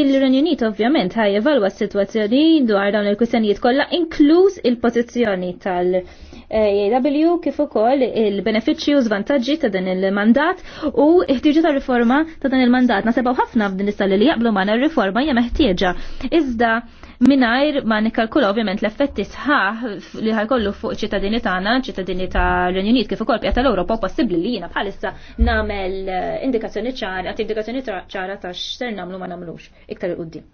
Il-Renju Unit ovvjament ħaj evalwa s-sitwazzjoni dwar dawn il-kwistjonijiet kollha inkluż il-pożizzjoni tal-AW kif ukoll il-benefiċċji u żvantaġġi ta' din il-mandat u ħtieġu ta' riforma ta' dan il-mandat. Nasebaw ħafna f'din is-sali li jaqblu magħna r-riforma hija meħtieġa. Iżda minajr ma nikalkula ovvjament l-effetti sħaħ li ħajkollu fuq ċittadini tagħna, ċittadini ta' Unit kif ukoll pjata l-Ewropa possibbli li jiena bħalissa nagħmel eh, indikazzjoni ċara, għat indikazzjoni ċara ta' x'ser nagħmlu ma nagħmlux iktar il qudiem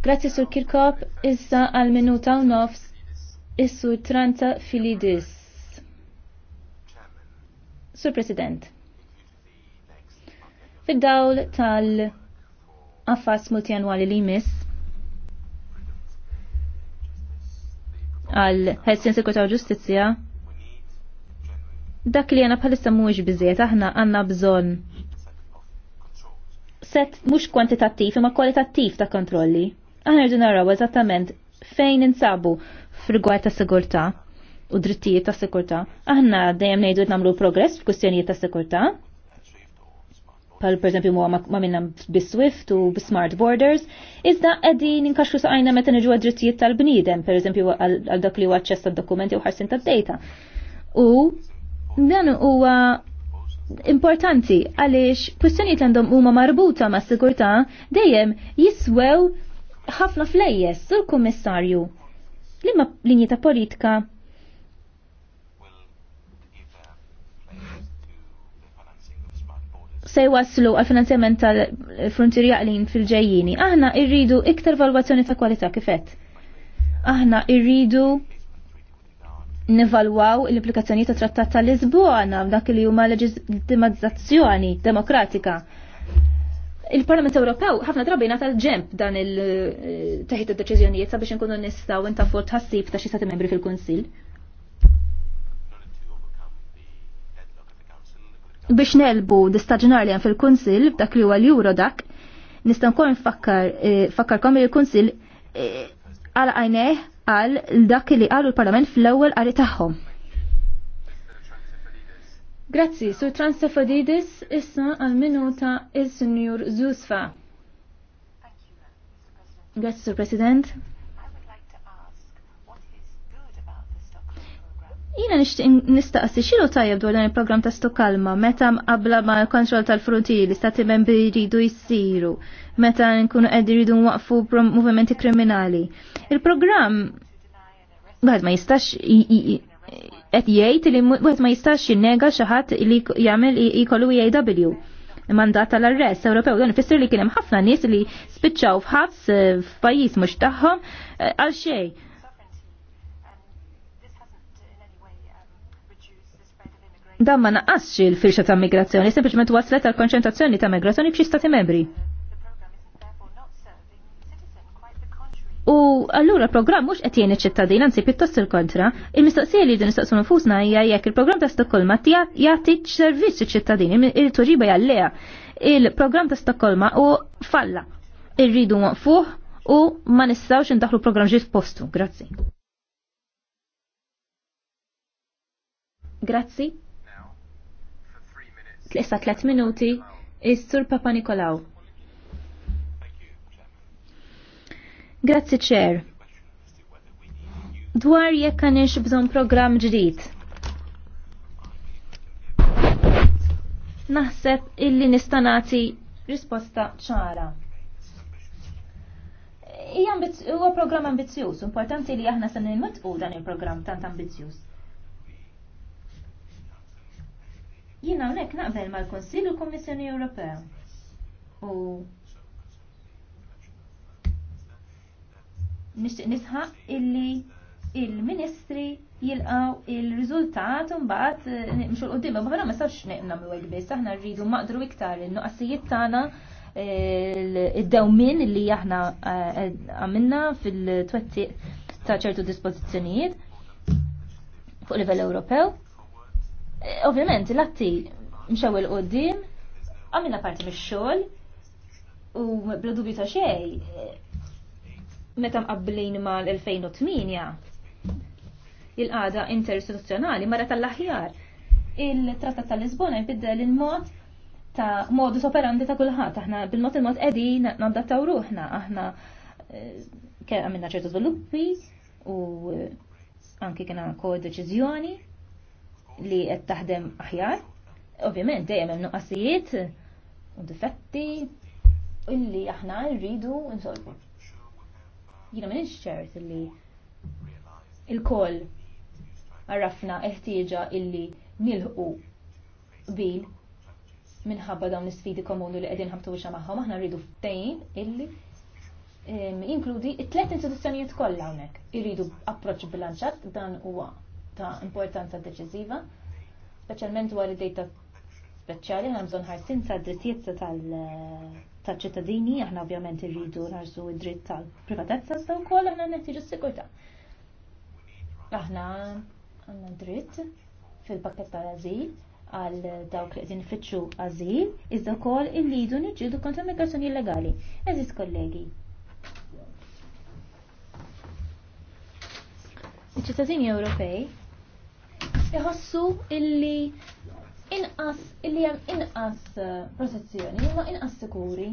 Grazzi sur Kirkop, issa għal-minuta u nofs, issu Tranta Filidis. Sur President fid-dawl tal-affas multianwali li jmiss għal ħessin sekwetaw ġustizja dak li għana bħalissa mux bizziet aħna għanna bżon set mux kwantitattiv imma kwalitattiv ta' kontrolli aħna rridu naraw eżattament fejn insabu f'rigward ta' sigurtà u drittijiet ta' sigurtà. Aħna dejjem ngħidu nagħmlu progress f'kwistjonijiet ta' sigurtà, pal per esempio ma minna bis-Swift u bis-Smart Borders, iżda qegħdin inkaxxu saqajna meta niġu għad-drittijiet tal-bniedem, per eżempju għal dak li huwa aċċess tad-dokumenti u ħarsin tad-data. U dan huwa importanti għaliex kwistjonijiet għandhom huma marbuta ma' sigurtà dejjem jiswew ħafna flejjes sul kummissarju. Limma linji ta' politika se waslu għal finanzjament tal-frontier jaqlin fil-ġejjini. Aħna irridu iktar valwazzjoni ta' kwalità kifet. Aħna irridu nivalwaw l-implikazzjoni ta' trattat tal Lisbona f'dak li huma leġitimizzazzjoni demokratika. Il-Parlament Ewropew ħafna drabi l ġemp dan il-teħid eh, id-deċiżjonijiet sabiex inkunu nistgħu intafu tħassib ta' xi stati membri fil-Kunsill. biex nelbu distaġnar li fil-Kunsil b'dak li huwa l dak, nista' kon eh, fakkar kom il kunsil eh, għal għajneħ għal dak li qalu l-Parlament fl-ewwel qari tagħhom. Grazzi, Sur Transefodidis issa għal minuta il sinjur Zusfa. Grazzi, Sur President. Jina nistaqsi xilu tajab dwar dan il-program ta' Stokalma meta qabla ma' kontrol tal-frontieri li stati membri jridu jissiru meta nkunu qegħdi jridu nwaqfu movimenti kriminali. Il-programm Għad ma jistax qed jgħid li wieħed ma jistax jinnega xi ħadd li jagħmel jkollu EAW mandat tal-arrest Ewropew dan ifisser li kien hemm ħafna nies li spiċċaw f'ħabs eh, f'pajjiż mhux tagħhom eh, għal xejn dan ma naqqasx il-firxa ta' migrazzjoni, sempliċement waslet għal konċentrazzjoni ta' migrazzjoni f'xi stati membri. U allura l-programm mhux qed jgħin iċ-ċittadin, anzi pjuttost il-kontra, il-mistoqsija li din nistaqsu nfusna hija jekk il-programm ta' Stokkolma jagħti servizz iċ-ċittadin, il-tuġiba jalleha. Il-programm ta' Stokkolma u falla. Irridu waqfuh u ma nistgħux indaħlu programm ġid postu. Grazzi. Grazzi issa tlet minuti is-Sur Papa Nikolaw. Grazzi ċer. Dwar jekk għanix bżon programm ġdid. Naħseb illi nistanati risposta ċara hija huwa programm ambizjuż. importanti li aħna se nimmetqu dan il-programm tant ambizjuż. Jina hawnhekk naqbel mal-Konsil u Komissjoni Ewropea. U nixtieq nisħaq illi il-Ministri jilqaw il-riżultat u mbagħad eh, mxu l qoddim ma ma sawx nagħmlu hekk biss aħna rridu maqdru iktar in nuqassijiet tagħna eh, id-dewmin li aħna eh, għamilna fil-twettiq ta' ċertu dispożizzjonijiet fuq livell Ewropew Ovvjament, l-atti mxew il-qoddim, għamilna parti mix-xogħol u bla dubju ta' xejn meta mqabblin mal-2008 il-qada interistituzzjonali mara tal-aħjar. Il-Trattat tal-Lisbona jbiddel il-mod ta' modus operandi ta' kullħat, Aħna bil-mod il-mod qegħdin naddattaw ruħna. Aħna eh, għamilna ċertu sviluppi u eh, anki kena kod deċizjoni, li qed taħdem aħjar. Ovvjament dejjem hemm nuqqasijiet u difetti illi aħna rridu insolvu. Jiena m'iniex ċert illi il-koll għarrafna eħtieġa illi nilħu bil minħabba dawn l-sfidi komuni li qegħdin ħabtu wiċċa magħhom aħna rridu ftehim illi ehm, inkludi t tlet istituzzjonijiet kollha hawnhekk. Irridu approċċ bilanċat dan huwa ta' importanza deċiżiva, speċjalment dwar id-dejta speċjali għandna bżonn ħarsin ta' drittijiet tal ċittadini aħna ovvjament irridu nħarsu id-dritt tal-privatezza, sta' u koll aħna nettiġu s sigurtà Aħna għanna dritt fil-pakket tal-azil għal dawk li qegħdin fitxu għażil, iżda wkoll illidu niġġieldu kontra migrazzjoni illegali. Eżis kollegi. Iċ-ċittadini Ewropej iħossu illi inqas illi hemm inqas eh, protezzjoni, huma inqas sikuri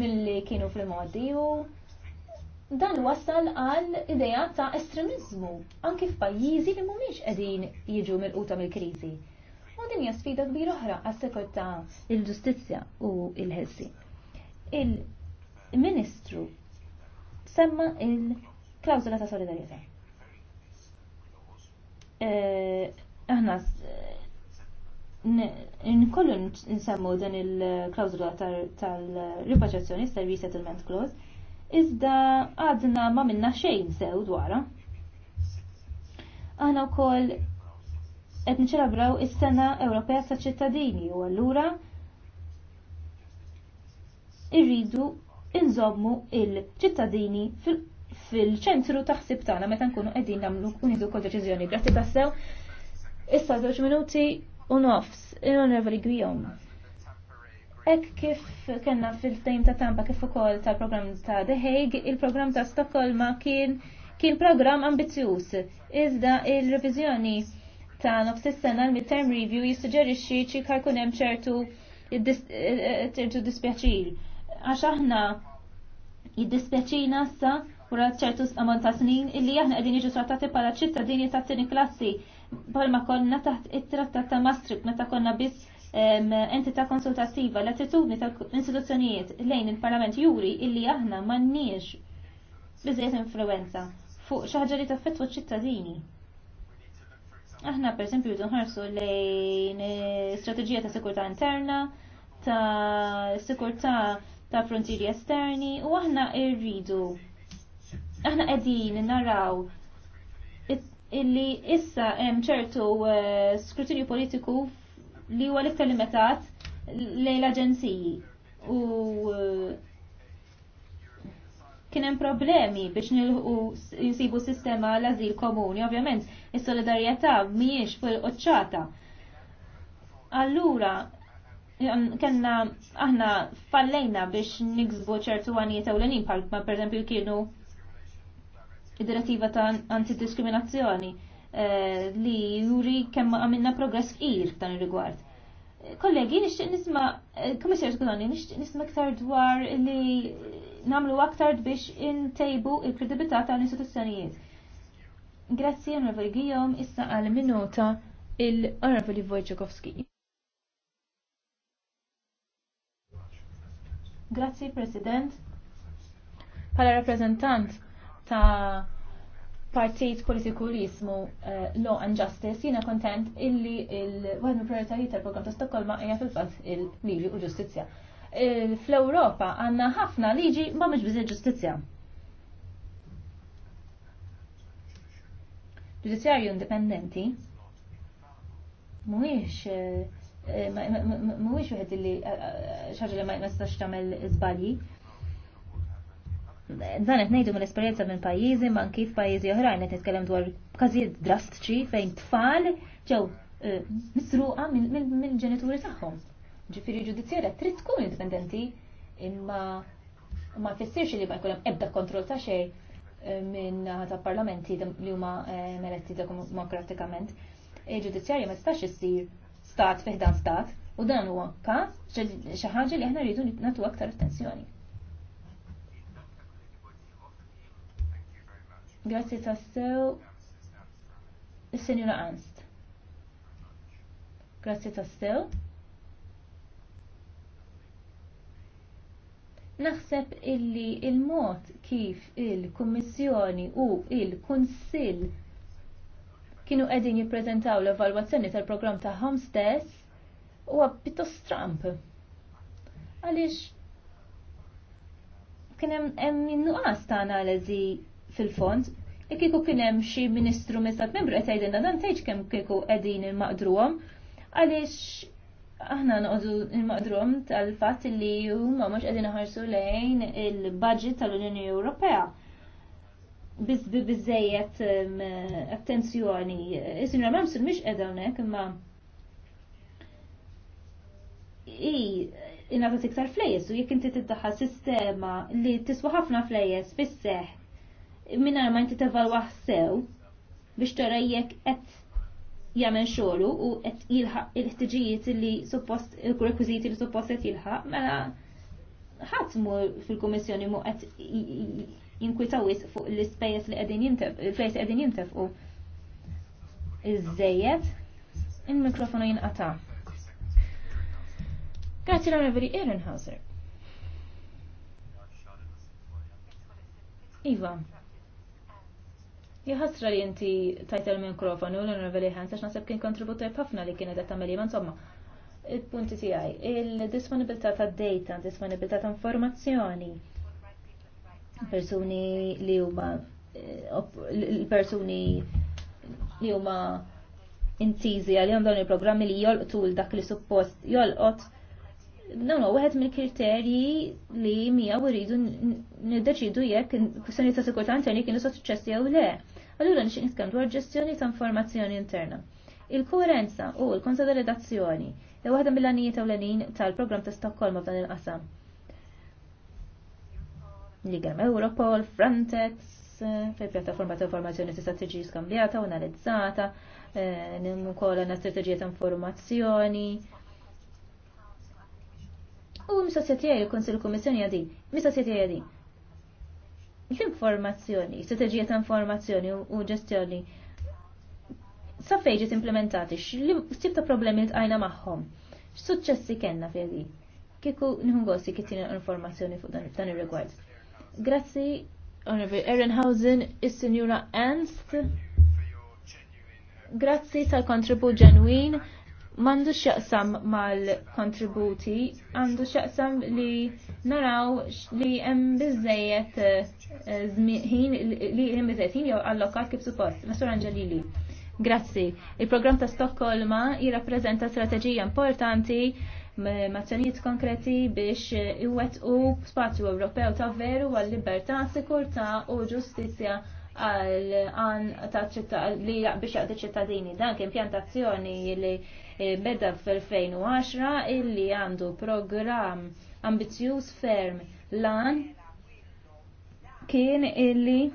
milli kienu fil-modi u dan wasal għal ideja ta' estremizmu anki f'pajjiżi li mhumiex qegħdin jiġu mill-quta mill-kriżi. U din hija sfida kbira oħra għas ta' il-ġustizzja u l-ħelsi. Il-Ministru semma il-klawżola ta' solidarjetà. Eh, aħna eh, nkollu nsemmu dan il-klawżula tal-ripaċazzjoni, tal-resettlement clause, iżda għadna ma minna xejn sew dwarha. Aħna wkoll qed niċelebraw is-Sena Ewropea tal-ċittadini u allura irridu inżommu il-ċittadini fil fil-ċentru taħsib tagħna meta nkunu qegħdin nagħmlu unidu kol deċiżjoni. Grazzi tassew. Issa żewġ minuti u nofs, il-Onorevoli Guillaume. Ek kif kena fil tejn ta' Tampa kif ukoll tal-programm ta' The Hague, il-programm ta' Stockholma kien kien programm ambizzjuż. Iżda il-reviżjoni ta' nofs is-sena l-midterm review jissuġġerixxi xi jkun hemm ċertu eh, ċertu dispjaċir. Għax aħna jiddispjaċina sa wara ċertu ammont ta' snin illi aħna qegħdin jiġu trattati bħala ċittadini ta' tieni klassi bħalma konna taħt it-trattat ta' Maastricht meta konna biss entità konsultattiva l-attitudni tal-istituzzjonijiet lejn il-Parlament juri illi aħna m'għandniex biżejjed influenza fuq xi ħaġa li taffettwa ċ-ċittadini. Aħna pereżempju jdu nħarsu lejn eh, strateġija ta' sikurtà interna, ta' sikurtà ta' frontieri esterni u aħna rridu aħna qegħdin naraw illi issa hemm ċertu eh, skrutinju politiku li huwa l-iktar limitat lejn l-aġenziji u eh, kien hemm problemi biex nilħu jsibu sistema l-azil komuni, ovvjament is-solidarjetà mhijiex fil-qoċċata. Allura kellna aħna fallejna biex niksbu ċertu għanijiet ewlenin bħal ma pereżempju kienu id-direttiva ta' antidiskriminazzjoni eh, li juri kemm għamilna progress f'ir f'dan ir-rigward. Kollegi, nixtieq nisma' eh, Kummissarju Skoloni, nixtieq nisma' aktar dwar li namlu aktar biex intejbu il-kredibilità tal-istituzzjonijiet. Grazzi, Onorevoli Gijom, issa għal minuta il-Onorevoli Wojciechowski. Grazzi, President. Pala rappresentant ta' partit politiku li jismu eh, Law and Justice, jina kontent illi il-għad mill-prioritajiet tal-program ta' Stokkolma hija fil-fatt il-liġi u ġustizzja. Eh, Fl-Ewropa għandna ħafna liġi ma mux bizzir ġustizzja. Ġudizzjarju indipendenti mhuwiex eh, mhuwiex wieħed illi xaġa li ma jistax tagħmel iżbalji dan qed ngħidu mill-esperjenza minn pajjiżi ma anki f'pajjiżi oħrajn qed nitkellem dwar każijiet drastiċi fejn tfal ġew eh, misruqa minn ġenituri tagħhom. Ġifieri ġudizzjarja trid tkun indipendenti imma ma jfissirx li ma jkun hemm ebda kontroll ta' xejn eh, minn ta' parlamenti li huma eh, meletti demokratikament. Il-ġudizzjarja e ma tistax issir stat fiħdan stat u dan huwa każ xi ħaġa li aħna rridu nagħtu aktar attenzjoni. Grazzi tassew. Is-Senjura Anst. Grazzi tassew. Naħseb illi il-mod kif il-Kummissjoni u il-Kunsill kienu qegħdin jippreżentaw l-evalwazzjoni tal-programm ta' stess huwa pittost tramp. Għaliex kien hemm nuqqas ta' analiżi fil-fond, e kieku kienem xi ministru mistat membru qed jgħidilna dan tgħid kemm kieku qegħdin il-maqdruhom għaliex aħna noqdu il maqdruhom tal-fatt li huma mhux qegħdin iħarsu lejn il-budget tal-Unjoni Ewropea. Biss biżejjed attenzjoni. Is-sinjora eh, M'sur mhix qiegħda hawnhekk imma i inata flejes u jekk inti tiddaħħal sistema li tiswa ħafna flejes fis minar ma inti tevalwaħ sew biex tara jekk qed jagħmel xoru u qed jilħaq il-ħtiġijiet li suppost il-rekwiżiti li suppost qed jilħaq, mela ħadd mur fil-kummissjoni mu qed jinkwitaw fuq l-ispejjeż li qegħdin jintef, il-flejs qegħdin jintefqu. Iżejjed, il-mikrofonu jinqata'. Grazzi l-Onorevoli Ehrenhauser. Iva, Jħasra li inti tajt il-mikrofonu l-onorveli ħan, sax nasib kien kontributor ħafna li kienet għattameli, ma somma. il-punti ti għaj, il-disponibilità ta' data, disponibilità ta' informazzjoni, persuni li huma l persuni li huma intizi għal dawn il-programmi li jolqtu l-dak li suppost jolqot no, no, għed mill kriterji li mija u rridu nid-deċidu jek, kwistjoni ta' sikurta interni kienu suċċessi għaw le. Allura nixin nitkellem dwar ġestjoni ta' informazzjoni interna. il koherenza u l-konsolidazzjoni hija waħda mill-għanijiet ewlenin tal-programm ta' Stockholm f'dan il-qasam. Ligam Europol, Frontex, fej eh, pjattaforma ta' informazzjoni tista' tiġi skambjata u analizzata, eh, nimmu kol għanna strateġija ta' informazzjoni. U mistoqsija tiegħi il-Kunsill għadin, mis mistoqsija għadin, L-informazzjoni, strategija ta' informazzjoni u ġestjoni sa' fejġet implementati, x'tib ta' problemi li tqajna magħhom, x'suċċessi kena fjedi. Kieku nħun gossi kittina informazzjoni fuq dan ir-rigward. Grazzi, Honorable Ehrenhausen, is-Sinjura Ernst. Grazzi tal-kontribut ġenwin mandu xaqsam mal-kontributi, għandu xaqsam li naraw li hemm bizzejet eh, ħin li jem bizzejet ħin jew allokat kif suppost. Nasur Anġalili, Grazzi. Il-programm ta' Stokkolma jirrappreżenta strateġija importanti mazzjonijiet konkreti biex iwettqu spazju Ewropew ta' veru għal-libertà, sikurtà u ġustizzja għal għan ta' biex ċittadini. Dan kien pjantazzjoni li Eh, beda f-2010 illi għandu program ambizjuż ferm lan kien illi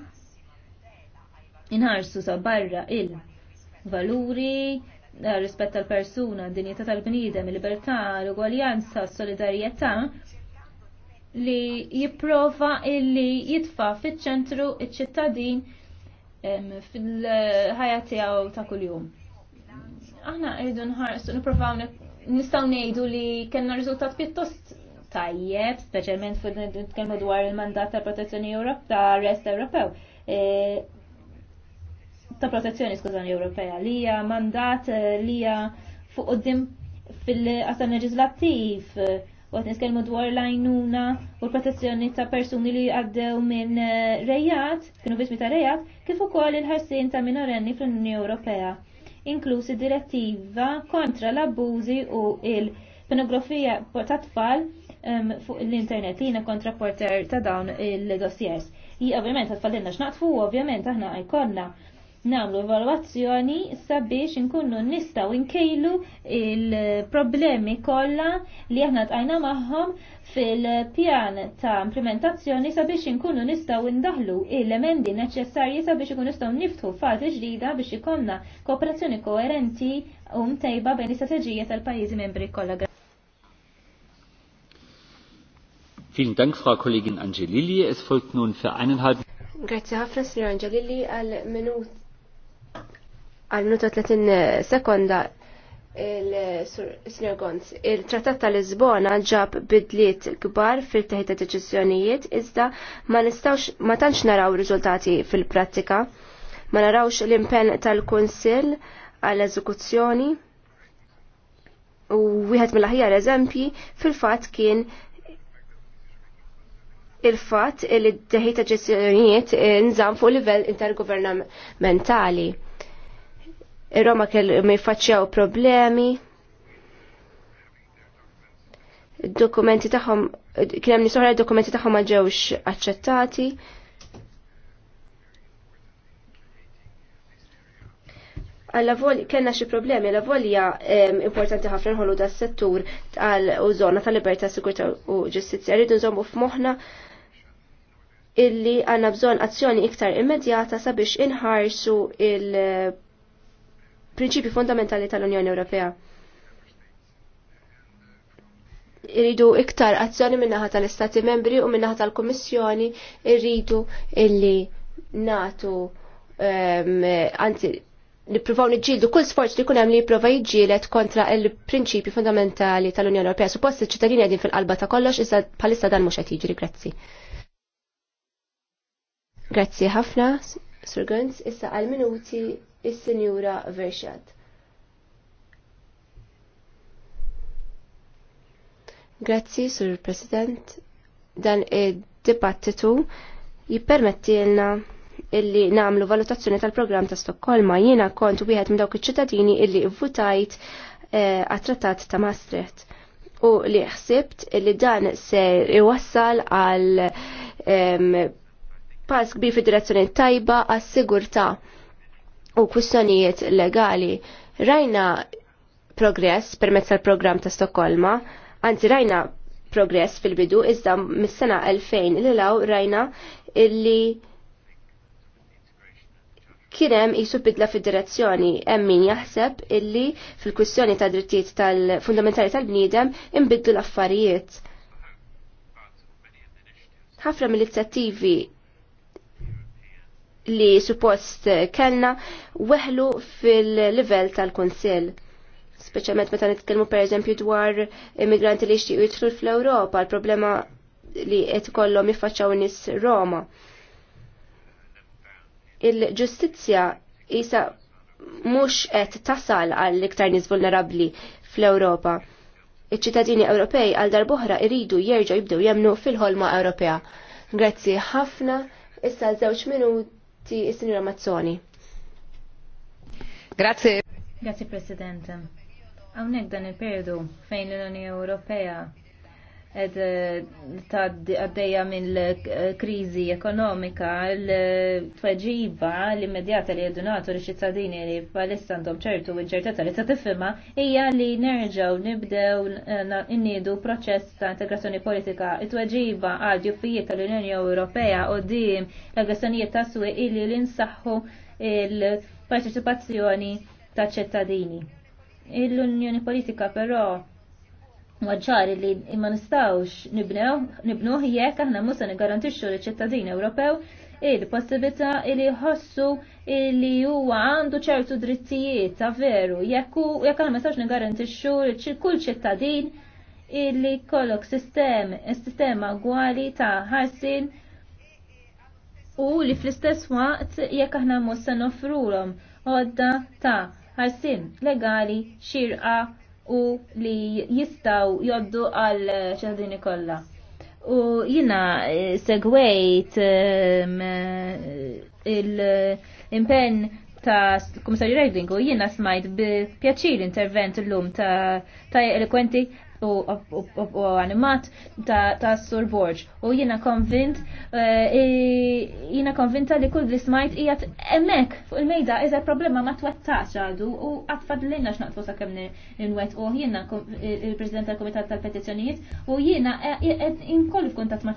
inħarsu sa barra il-valuri eh, rispett tal-persuna, id-dinjeta tal-bnidem, libertà, l-ugwaljanza, solidarjetà li jipprova illi jitfa fiċ-ċentru iċ-ċittadin fil-ħajja tiegħu ta' kuljum aħna rridu nħarsu nipprovaw nistgħu ngħidu li kellna riżultat pjuttost tajjeb, speċjalment fuq nitkellmu dwar il-mandat ta' protezzjoni Ewrop ta' Rest Ewropew. E, ta' protezzjoni skużani Ewropea li hija mandat e, li hija fuq qudiem fil-qasam leġislattiv waqt għat niskelmu dwar lajnuna u l-protezzjoni ta' persuni li għaddew minn e, rejat, kienu bismi ta' rejat, kif ukoll il-ħarsin ta' minorenni fl-Unjoni Ewropea inklusi direttiva kontra l-abbużi u il-pornografija ta' tfal fuq l-internet li jina kontra porter ta' dawn il-dossiers. I ovvjament għatfallinna xnaqtfu, ovvjament aħna għajkonna. Namlu evalwazzjoni sabiex inkunu nistgħu nkejlu il-problemi kollha li aħna tqajna magħhom fil-pjan ta' implementazzjoni sabiex inkunu nistgħu ndaħlu il-emendi neċessarji sabiex ikun nistgħu niftħu fazi ġdida biex ikonna kooperazzjoni koerenti u mtejba bejn l-istrateġija tal-pajjiżi membri kollha. Vielen Dank, Frau Kollegin Angelilli. Es folgt nun für eineinhalb Grazie ħafna, Signor Angelilli, għal minut għal minuta 30 eh, sekonda il-Sr. Eh, il-Trattat tal-Lisbona ġab bidliet kbar fil-teħita deċizjonijiet, iżda ma nistawx ma tantx naraw riżultati fil-prattika, ma narawx l-impenn tal-Kunsill għall-eżekuzzjoni. U wieħed mill-aħjar eżempji fil-fatt kien il-fatt li d-teħita deċizjonijiet nżamm fuq livell intergovernamentali Ir-Roma kellhom jfaċċjaw problemi. Dokumenti tagħhom kien hemm nisoħra dokumenti tagħhom ma ġewx aċċettati. Alla voli, kena xie problemi, għalla volja importanti ħafna nħollu da settur tal u zona tal-libertà, sigurta u ġustizja. Rridu nżommu f'moħħna illi għanna bżon azzjoni iktar immedjata sabiex inħarsu il- prinċipi fondamentali tal-Unjoni Ewropea. Irridu iktar azzjoni minnaħa tal-Istati membri u minnaħa tal-Kommissjoni irridu illi natu ehm, anzi nippruvaw niġġieldu kull sforz li kunem hemm li jipprova jiġġieled kontra l prinċipi fundamentali tal-Unjoni Ewropea. Suppost il ċittadini għedin fil-qalba ta' kollox iżda bħalissa dan mhux qed jiġri, grazzi. Grazzi ħafna, Sir Gunz, issa għal minuti is-Sinjura Verxat. Grazzi, Sur President. Dan id-dibattitu jippermettilna illi namlu valutazzjoni tal-programm ta' Stokkolma jiena kont wieħed minn dawk iċ-ċittadini illi votajt eh, għat-trattat ta' Maastricht u li ħsibt li dan se iwassal għal pass kbir fid direzzjoni tajba għas-sigurtà u kwistjonijiet legali rajna progress permezz tal-programm ta' Stokkolma, anzi rajna progress fil-bidu iżda mis-sena 2000 li law rajna illi kienem jisu bidla fid-direzzjoni hemm min jaħseb illi fil-kwistjoni ta' drittijiet tal-fundamentali tal-bniedem imbiddu l-affarijiet. Ħafna mill-inizjattivi li suppost kellna weħlu fil-livell tal-Kunsill. Speċjalment meta nitkellmu pereżempju dwar immigranti li jixtiequ jidħlu fl-Ewropa, l-problema li qed ikollhom jiffaċċaw nies Roma. Il-ġustizzja isa mhux qed tasal għall iktar nies vulnerabbli fl-Ewropa. Iċ-ċittadini Ewropej għal darbohra iridu jerġgħu jibdew jemnu fil-ħolma Ewropea. Grazzi ħafna, issa żewġ minuti ti signora Mazzoni. Grazie. Grazie Presidente. Għawnek dan il-periodu fejn l-Unjoni Ewropea għaddeja minn l-krizi ekonomika l-tweġiba l-immedjata li għedunatu li ċittadini li palissa għandhom ċertu u ċertata li t-tifima hija li nerġaw nibdew innidu proċess ta' integrazzjoni politika. It-tweġiba għal ġuffijiet tal-Unjoni Ewropea u dim l-aggressjonijiet ta' swi illi l-insaħħu il-parteċipazzjoni ta' ċittadini. L-Unjoni Politika però Waġġari li imma nistawx nibnuh jekk aħna musa nigarantixxu li ċittadin Ewropew il-possibilità li jħossu li huwa għandu ċertu drittijiet ta' veru jekk jekk aħna mistawx nigarantixxu li kull ċittadin illi kollok sistem, sistema gwali ta' ħarsin u li fl-istess waqt jekk aħna musa nofrulhom għodda ta' ħarsin legali xirqa' u li jistaw joddu għal ċaħdini kolla. U jina eh, segwejt ehm, eh, il-impen ta' komissarju Reding u jina smajt bi pjaċir intervent l-lum ta' eloquenti u animat ta' Sur Borg. U jina konvint, eh, jina konvinta li kull li smajt ijat emmek fuq il-mejda iżda problema ma twettax għadu u għatfad l-inna xnaqtfu sa' kemni n-wet u jina il-President tal-Komitat tal-Petizjonijiet u jina eh, eh, inkolli f'kuntat ma'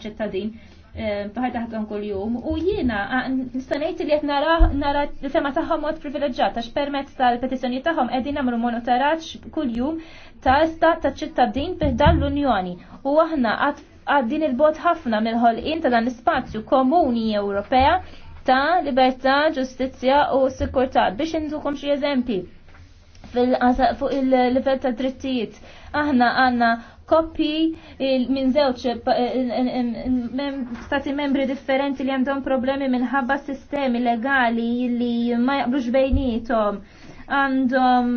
bħar taħdom kull-jum u jiena nistanejt li qed nara l-fema tagħhom mod privileġġat għax permezz tal-petizzjoni tagħhom qegħdin nagħmlu monitoraġġ kuljum ta' istat ta' ċittadin biħdan l-Unjoni u aħna għaddin il-bot ħafna mill-ħolqien ta' dan l-spazju komuni Ewropea ta' libertà, ġustizzja u sikurtà biex nżukom xi eżempji fuq il-livell ta' drittijiet. Aħna għanna koppi minn żewġ eh, eh, eh, stati membri differenti li għandhom problemi minħabba sistemi legali li ma jaqbrux bejnietom għandhom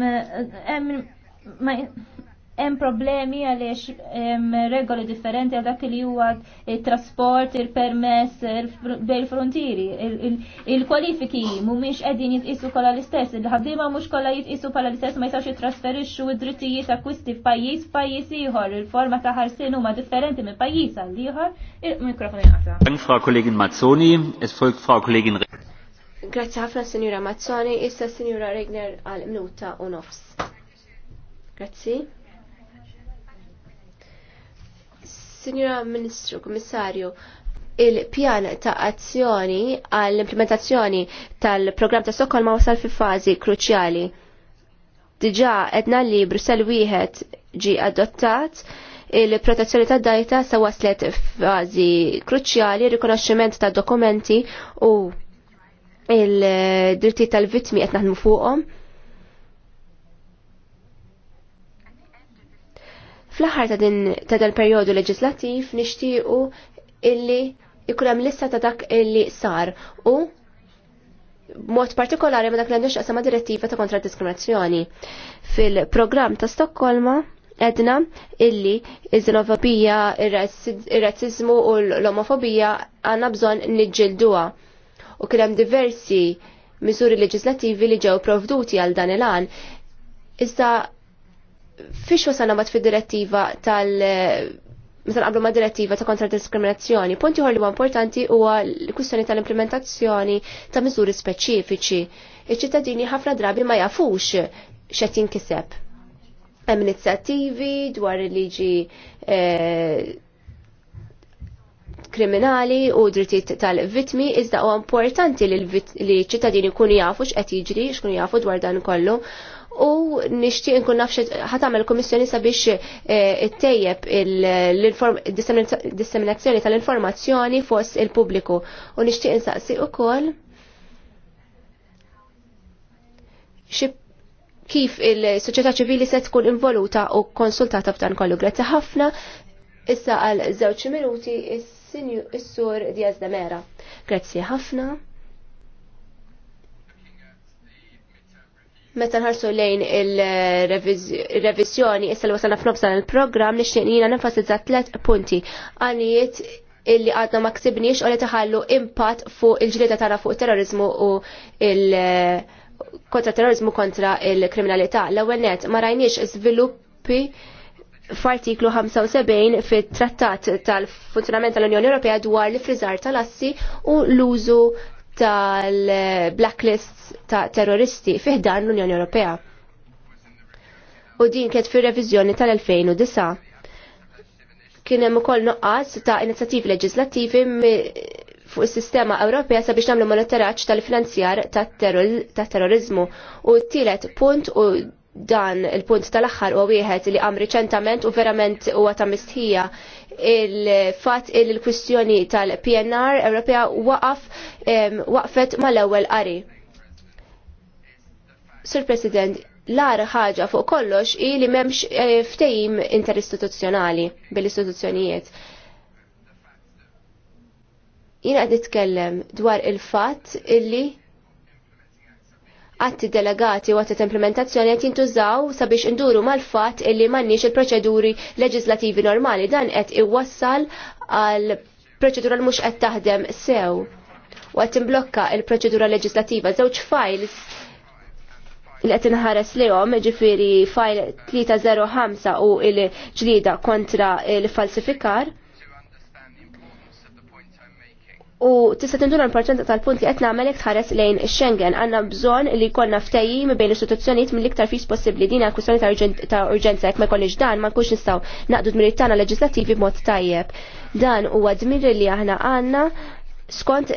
hemm problemi għaliex regoli differenti għal dak li huwa trasport, il-permess bejn frontieri, il-kwalifiki mhumiex qegħdin jitqisu kollha l-istess, il-ħaddiema mhux kollha jitqisu bħala l-istess ma jistgħux jitrasferixxu id-drittijiet akwisti f'pajjiż f'pajjiż ieħor, il-forma ta' ħarsien huma differenti minn pajjiż għal ieħor. Il-mikrofon jinqata'. Frau Kollegin Mazzoni, es folgt Frau Kollegin Grazzi ħafna Sinjura Mazzoni, issa Sinjura Regner għal minuta u nofs. Grazzi. Signora Ministru, Komissarju, il-pjan ta' azzjoni għall-implementazzjoni tal-programm ta' ma wasal fi fażi kruċjali. Diġà edna li Brussel wieħed ġi adottat il-protezzjoni ta' dajta sa' waslet fazi kruċjali, rikonoxximent ta' dokumenti u il-dritti tal-vittmi qed naħdmu fuqhom. Fl-aħħar ta' din ta' dan perjodu leġislattiv nixtiequ illi ikun hemm lista ta' dak illi sar u mod partikolari ma dak li għandux qasama direttiva ta' kontra diskriminazzjoni. Fil-programm ta' Stokkolma edna illi iż-xenofobija, ir-razzizmu u l-omofobija għandna bżonn niġġilduha. U kien hemm diversi miżuri leġislattivi li ġew provduti għal dan il-għan. Iżda fiex wasalna mat fil-direttiva tal- eh, Meta qablu ma' direttiva ta' kontra diskriminazzjoni, punti ħor li huwa importanti huwa l-kwistjoni tal-implementazzjoni ta' miżuri speċifiċi. Iċ-ċittadini ħafna drabi ma jafux x'qed jinkiseb. Hemm inizjattivi dwar il-liġi eh, kriminali u drittijiet tal-vitmi iżda u importanti li ċittadini kunu jafu x'qed jiġri, x'kunu jafu dwar dan kollu u nixtieq nkun naf ħatamel kommissjoni sabiex eh, ittejjeb il-disseminazzjoni tal-informazzjoni fost il-pubbliku u nixtieq insaqsi ukoll kif il-soċjetà ċivili se tkun involuta u konsultata f'dan kollu. Grazzi ħafna. Issa għal żewġ minuti is-sur Diaz Damera. Grazzi ħafna. Meta nħarsu lejn il-revizjoni, issa li wasalna f'nofsa l-programm nixtieq jiena nenfasizza tliet punti għanijiet illi għadna ma ksibniex u li taħallu impatt fuq il-ġlieda tara fuq terrorizmu u il- kontra terrorizmu kontra il-kriminalità. L-ewwel net ma rajniex żviluppi f'artiklu 75 fit-Trattat tal-Funzjonament tal-Unjoni Ewropea dwar l-friżar tal-assi u l-użu tal-blacklists ta' terroristi fiħdan l-Unjoni Ewropea. U din kienet fir-reviżjoni tal-2009. Kien hemm ukoll noqqas ta' inizjattivi leġislattivi fuq is-sistema Ewropea sabiex nagħmlu monitoraġġ tal-finanzjar tat-terrorizmu u t-tielet punt u dan il-punt tal-axħar u wieħed li għam riċentament u verament u għata mistħija il-fat il-kwistjoni tal-PNR Ewropea waqaf waqfet mal-ewwel qari. Sur President, l-ar ħaġa fuq kollox i li memx eh, ftejim interistituzzjonali bil-istituzzjonijiet. Jina nitkellem dwar il-fat illi atti delegati u għatti implementazzjoni għet jintużaw sabiex induru mal-fat illi mannix il-proċeduri leġislativi normali dan għet iwassal għal proċedura l-mux għet taħdem sew u għet imblokka il-proċedura leġislativa zewċ files li qed inħares għom ġifiri file 305 u l-ġlida kontra l-falsifikar U tista' tinduna l tal-punt li qed nagħmel tħares lejn Schengen għanna bżonn li jkollna me bejn l mill-iktar fis possibbli din hija kwistjoni ta' urġenza jekk ma jkollix dan ma nkunx nistgħu naqdu dmir tagħna leġislattivi b'mod tajjeb. Dan huwa dmir li aħna għandna skont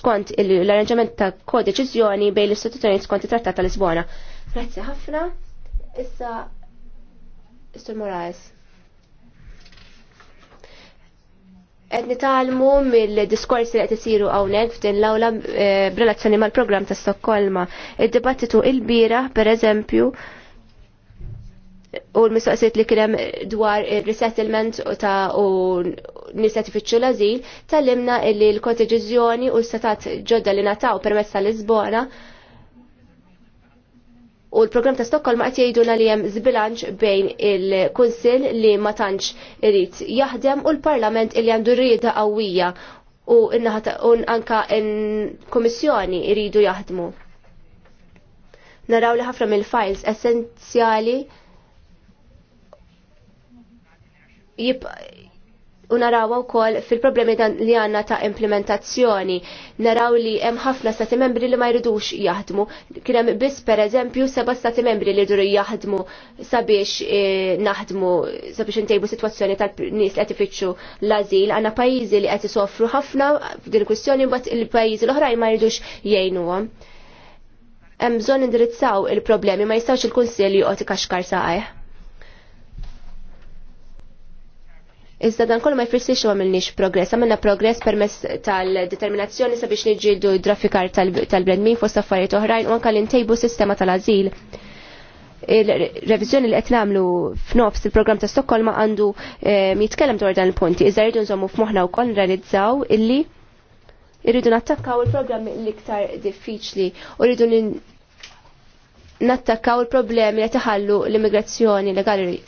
skont l-arranġament ta' kodeċiżjoni bejn l-istituzzjonijiet skont it-Trattat tal-Lisbona. Grazzi ħafna. Issa Mr. Moraes. Qed nitalmu mill-diskorsi li qed isiru hawnhekk f'din l-awla eh, b'relazzjoni mal-programm ta' Stokkolma. Id-dibattitu il-bieraħ pereżempju u l-mistoqsijiet li kienem dwar resettlement ta' u nisetifiċu l-azil tal-imna li l-kontiġizjoni u s-satat ġodda li nataw permezz tal-Lisbona U l-programm ta' Stockholm qed jgħidulna li hemm zbilanċ bejn il-Kunsill li ma tantx irid jaħdem u l-Parlament li għandu rrieda qawwija u anka n-Kummissjoni iridu jaħdmu. Naraw li ħafna mill-files essenzjali u naraw ukoll fil-problemi li għandna ta' implementazzjoni. Naraw li hemm ħafna stati membri li ma jridux jaħdmu. Kien hemm biss pereżempju seba' stati membri li jduru jaħdmu sabiex eh, naħdmu sabiex intejbu sitwazzjoni tal-nies li qed ifittxu l-ażil. Għandna pajjiżi li qed isofru ħafna f'din kwistjoni mbagħad il-pajjiżi l-oħrajn ma jridux jgħinuhom. Hemm bżonn indirizzaw il-problemi ma jistgħux il-Kunsill joqgħod ikaxkar saqajh. Iżda dan kollu ma jfissirx ma għamilniex progress, għamilna progress permess tal-determinazzjoni sabiex id traffikar tal-bredmin fost affarijiet oħrajn u anke l-intejbu sistema tal-azil. Il-revizjoni li qed nagħmlu f'nofs il-programm ta' Stokkolma għandu ehm, jitkellem dwar dan il-punti. Iżda rridu nżommu f'moħħna wkoll nrealizzaw illi irridu nattakkaw il program l-iktar diffiċli u rridu nattakkaw il-problemi li taħallu l-immigrazzjoni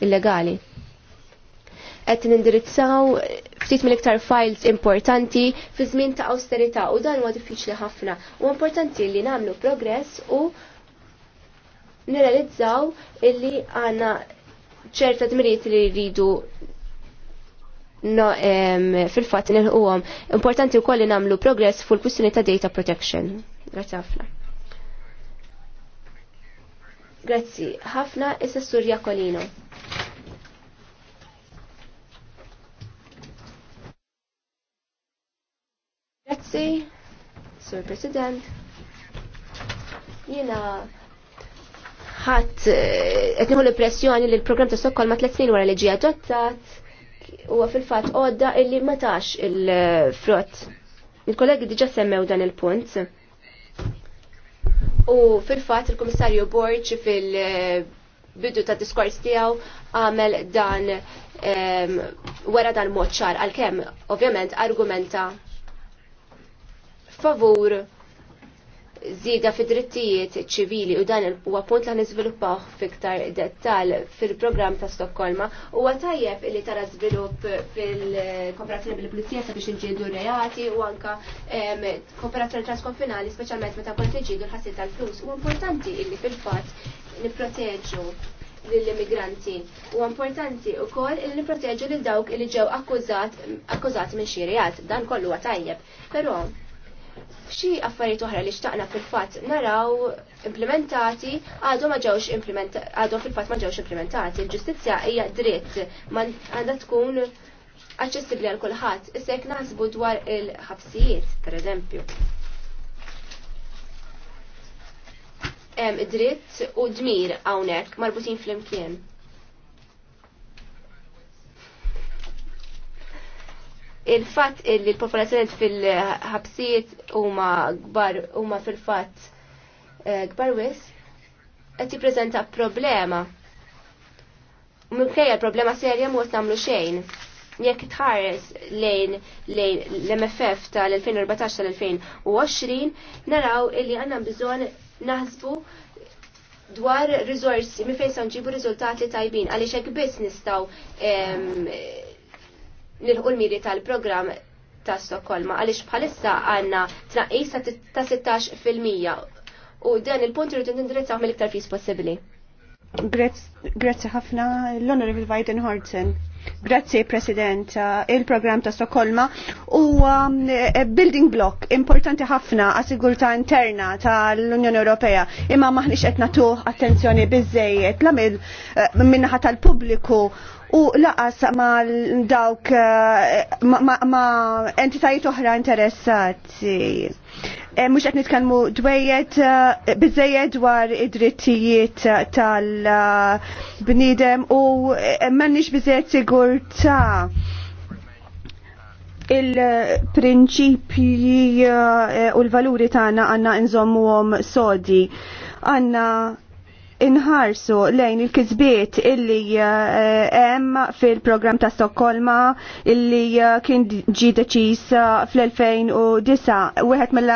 illegali qed nindirizzaw ftit mill-iktar files importanti fi żmien ta' austerità u dan huwa diffiċli ħafna. U importanti li nagħmlu progress u nirrealizzaw illi għandna ċerta dmirijiet li rridu no, fil-fatt nilħuhom. Importanti wkoll li nagħmlu progress fuq il-kwistjoni ta' data protection. Grazzi ħafna. Grazzi ħafna is-sur Jakolino. Grazzi, Sur President. Jina ħadd eh, qed nieħu l-impressjoni li l-programm ta' Stockholm ma' tliet snin wara li ġie adottat huwa fil-fatt għodda illi ma tax il-frott. Il-kollegi diġa semmew dan il-punt. U fil-fatt il-Kummissarju Borċ fil-bidu ta' diskors tiegħu għamel dan wara dan mod għal għalkemm ovvjament argumenta favur żieda fi drittijiet ċivili u dan huwa punt li niżviluppaw fiktar dettal fil-programm ta' Stokkolma huwa tajjeb li tara żvilupp fil-kooperazzjoni bil-Pulizija sabiex inġiedu reati u anka kooperazzjoni transkonfinali speċjalment meta kont iġiedu l-ħassil tal-flus. U importanti illi fil-fatt nipproteġu lill-immigranti. U importanti u koll il niproteġu lil dawk li ġew akkużat minn xi Dan kollu huwa tajjeb. Però Xi affarijiet oħra li xtaqna fil-fatt naraw implementati għadhom ma ġewx għadhom fil-fatt ma ġewx implementati. Il-ġustizzja hija dritt għandha tkun aċċessibbli għal kulħadd. Issa jekk naħsbu dwar il-ħabsijiet, pereżempju. Hemm dritt u dmir hawnhekk marbutin flimkien. il-fatt il l-popolazzjoniet fil-ħabsijiet huma gbar huma fil-fatt eh, gbar wis qed jippreżenta problema. Minkejja problema serja mhux nagħmlu xejn. Jekk tħares lejn lejn l-MFF tal-2014 tal-2020 naraw illi għandna bżonn naħsbu dwar riżorsi minn fejn sa nġibu riżultati tajbin għaliex hekk biss nistgħu nilħu l-miri tal-programm ta' Stokkolma għaliex bħalissa għandna tnaqqis ta' 16% u dan il-punt irridu nindirizzaw mill-iktar fis possibbli. Grazzi ħafna l-Honorable Biden Horton. Grazzi President, eh, il-program ta' Stokkolma u um, eh, building block importanti ħafna għas-sigurtà interna tal-Unjoni Ewropea imma maħniex qed nagħtuh attenzjoni biżejjed la eh, minnaħa tal-pubbliku u laqas ma dawk eh, ma, entitajiet oħra interessati. Eh, mhux Mux għet dwejjed dwejet eh, dwar id-drittijiet tal-bnidem u mannix bizzejed sigurtà il-prinċipji u l-valuri tagħna għandna nżommuhom sodi. Għanna inħarsu lejn il-kizbiet illi eh, hemm fil-programm ta' Stokkolma illi eh, kien ġi deċis eh, fl-2009. Wieħed mill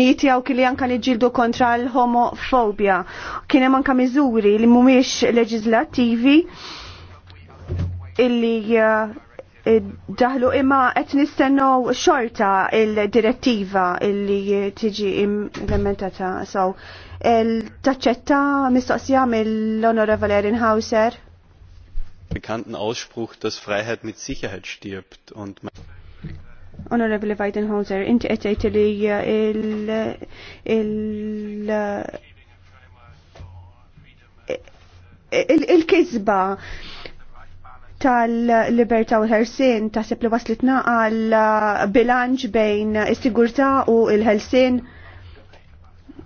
nit jew kien anke niġġieldu kontra l-homofobja. Kien hemm anke miżuri li mhumiex leġislattivi illi daħlu imma qed nistennew xorta il-direttiva illi tiġi implementata. So, taċċetta mistoqsija mill-Onorevole Hauser? Bekannten Ausspruch, dass Freiheit mit Sicherheit stirbt und man Onorevole Weidenhauser, inti qed li il il kizba tal liberta u l-ħelsin taħseb li waslitna għal bilanċ bejn is-sigurtà u l-ħelsin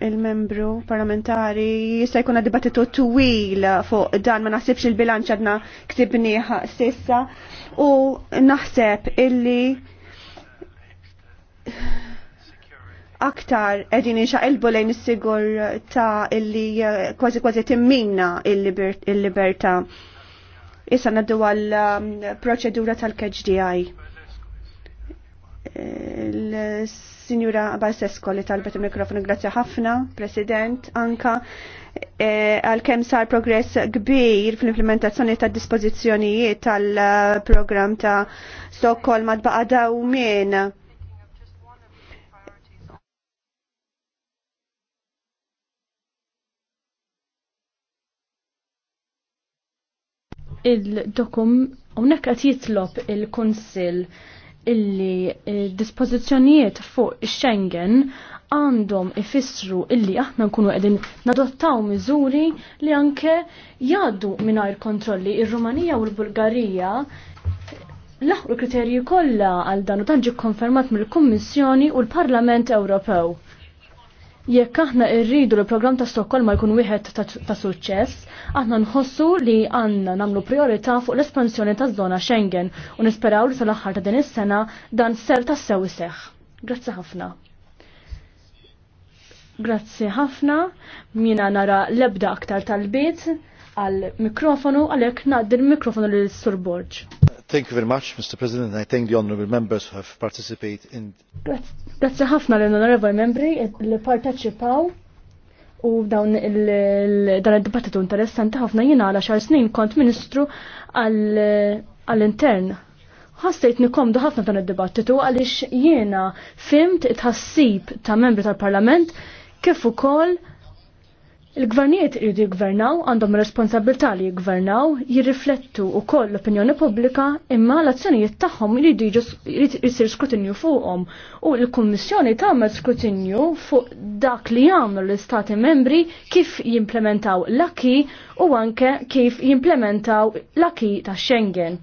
il-membru parlamentari jista' jkun dibattitu twil fuq dan ma naħsibx il-bilanċ għadna ktibniħ sissa u naħseb illi aktar edin inxaqilbu lejn is-sigur ta' illi eh, kważi kważi timmina il-liberta. Issa naddu għal eh, proċedura tal-KHDI. Signora Basesco li talbet il-mikrofonu, grazzi ħafna, President, anka eh, għal-kem eh, sar progress kbir fl-implementazzjoni ta' dispozizjonijiet tal-program ta' Stockholm għad baqa min. Il-dokum, unnek għat jitlob il-Konsil illi eh, dispożizzjonijiet fuq Schengen għandhom ifissru illi aħna nkunu qegħdin nadottaw miżuri li anke jgħaddu mingħajr kontrolli ir-Rumanija u l-Bulgarija laħqu l-kriterji kollha għal dan u dan ġie konfermat mill-Kummissjoni u l-Parlament Ewropew. Jekk aħna rridu li program ta' Stokkolma jkun wieħed ta' suċċess, aħna nħossu li għandna nagħmlu priorità fuq l-espansjoni taż-żona Schengen u nisperaw li sal-aħħar ta' din is-sena dan ser tas-sew iseħħ. Grazzi ħafna. Grazzi ħafna, mina nara lebda aktar tal-bit għal mikrofonu għalhekk ngħaddi l-mikrofonu lil Sur Borġ. Thank you very much, Mr. President, and I thank the honourable members who have participated in. Grazie ħafna l-onorevoli membri li parteċipaw u dawn dan il-dibattitu interessanti ħafna jiena għal xar snin kont ministru għall-intern. Ħassejt nikomdu ħafna dan id-dibattitu għaliex jiena fimt it-ħassib ta' membri tal-Parlament kif ukoll Il-gvernijiet irridu jgvernaw għandhom responsabilità li jgvernaw jirriflettu u koll l-opinjoni pubblika imma l-azzjonijiet tagħhom jridu jisir skrutinju fuqhom u l-Kummissjoni tagħmel skrutinju fuq dak li jagħmlu l-Istati membri kif jimplementaw l-aki u anke kif jimplementaw l-aki ta' Schengen.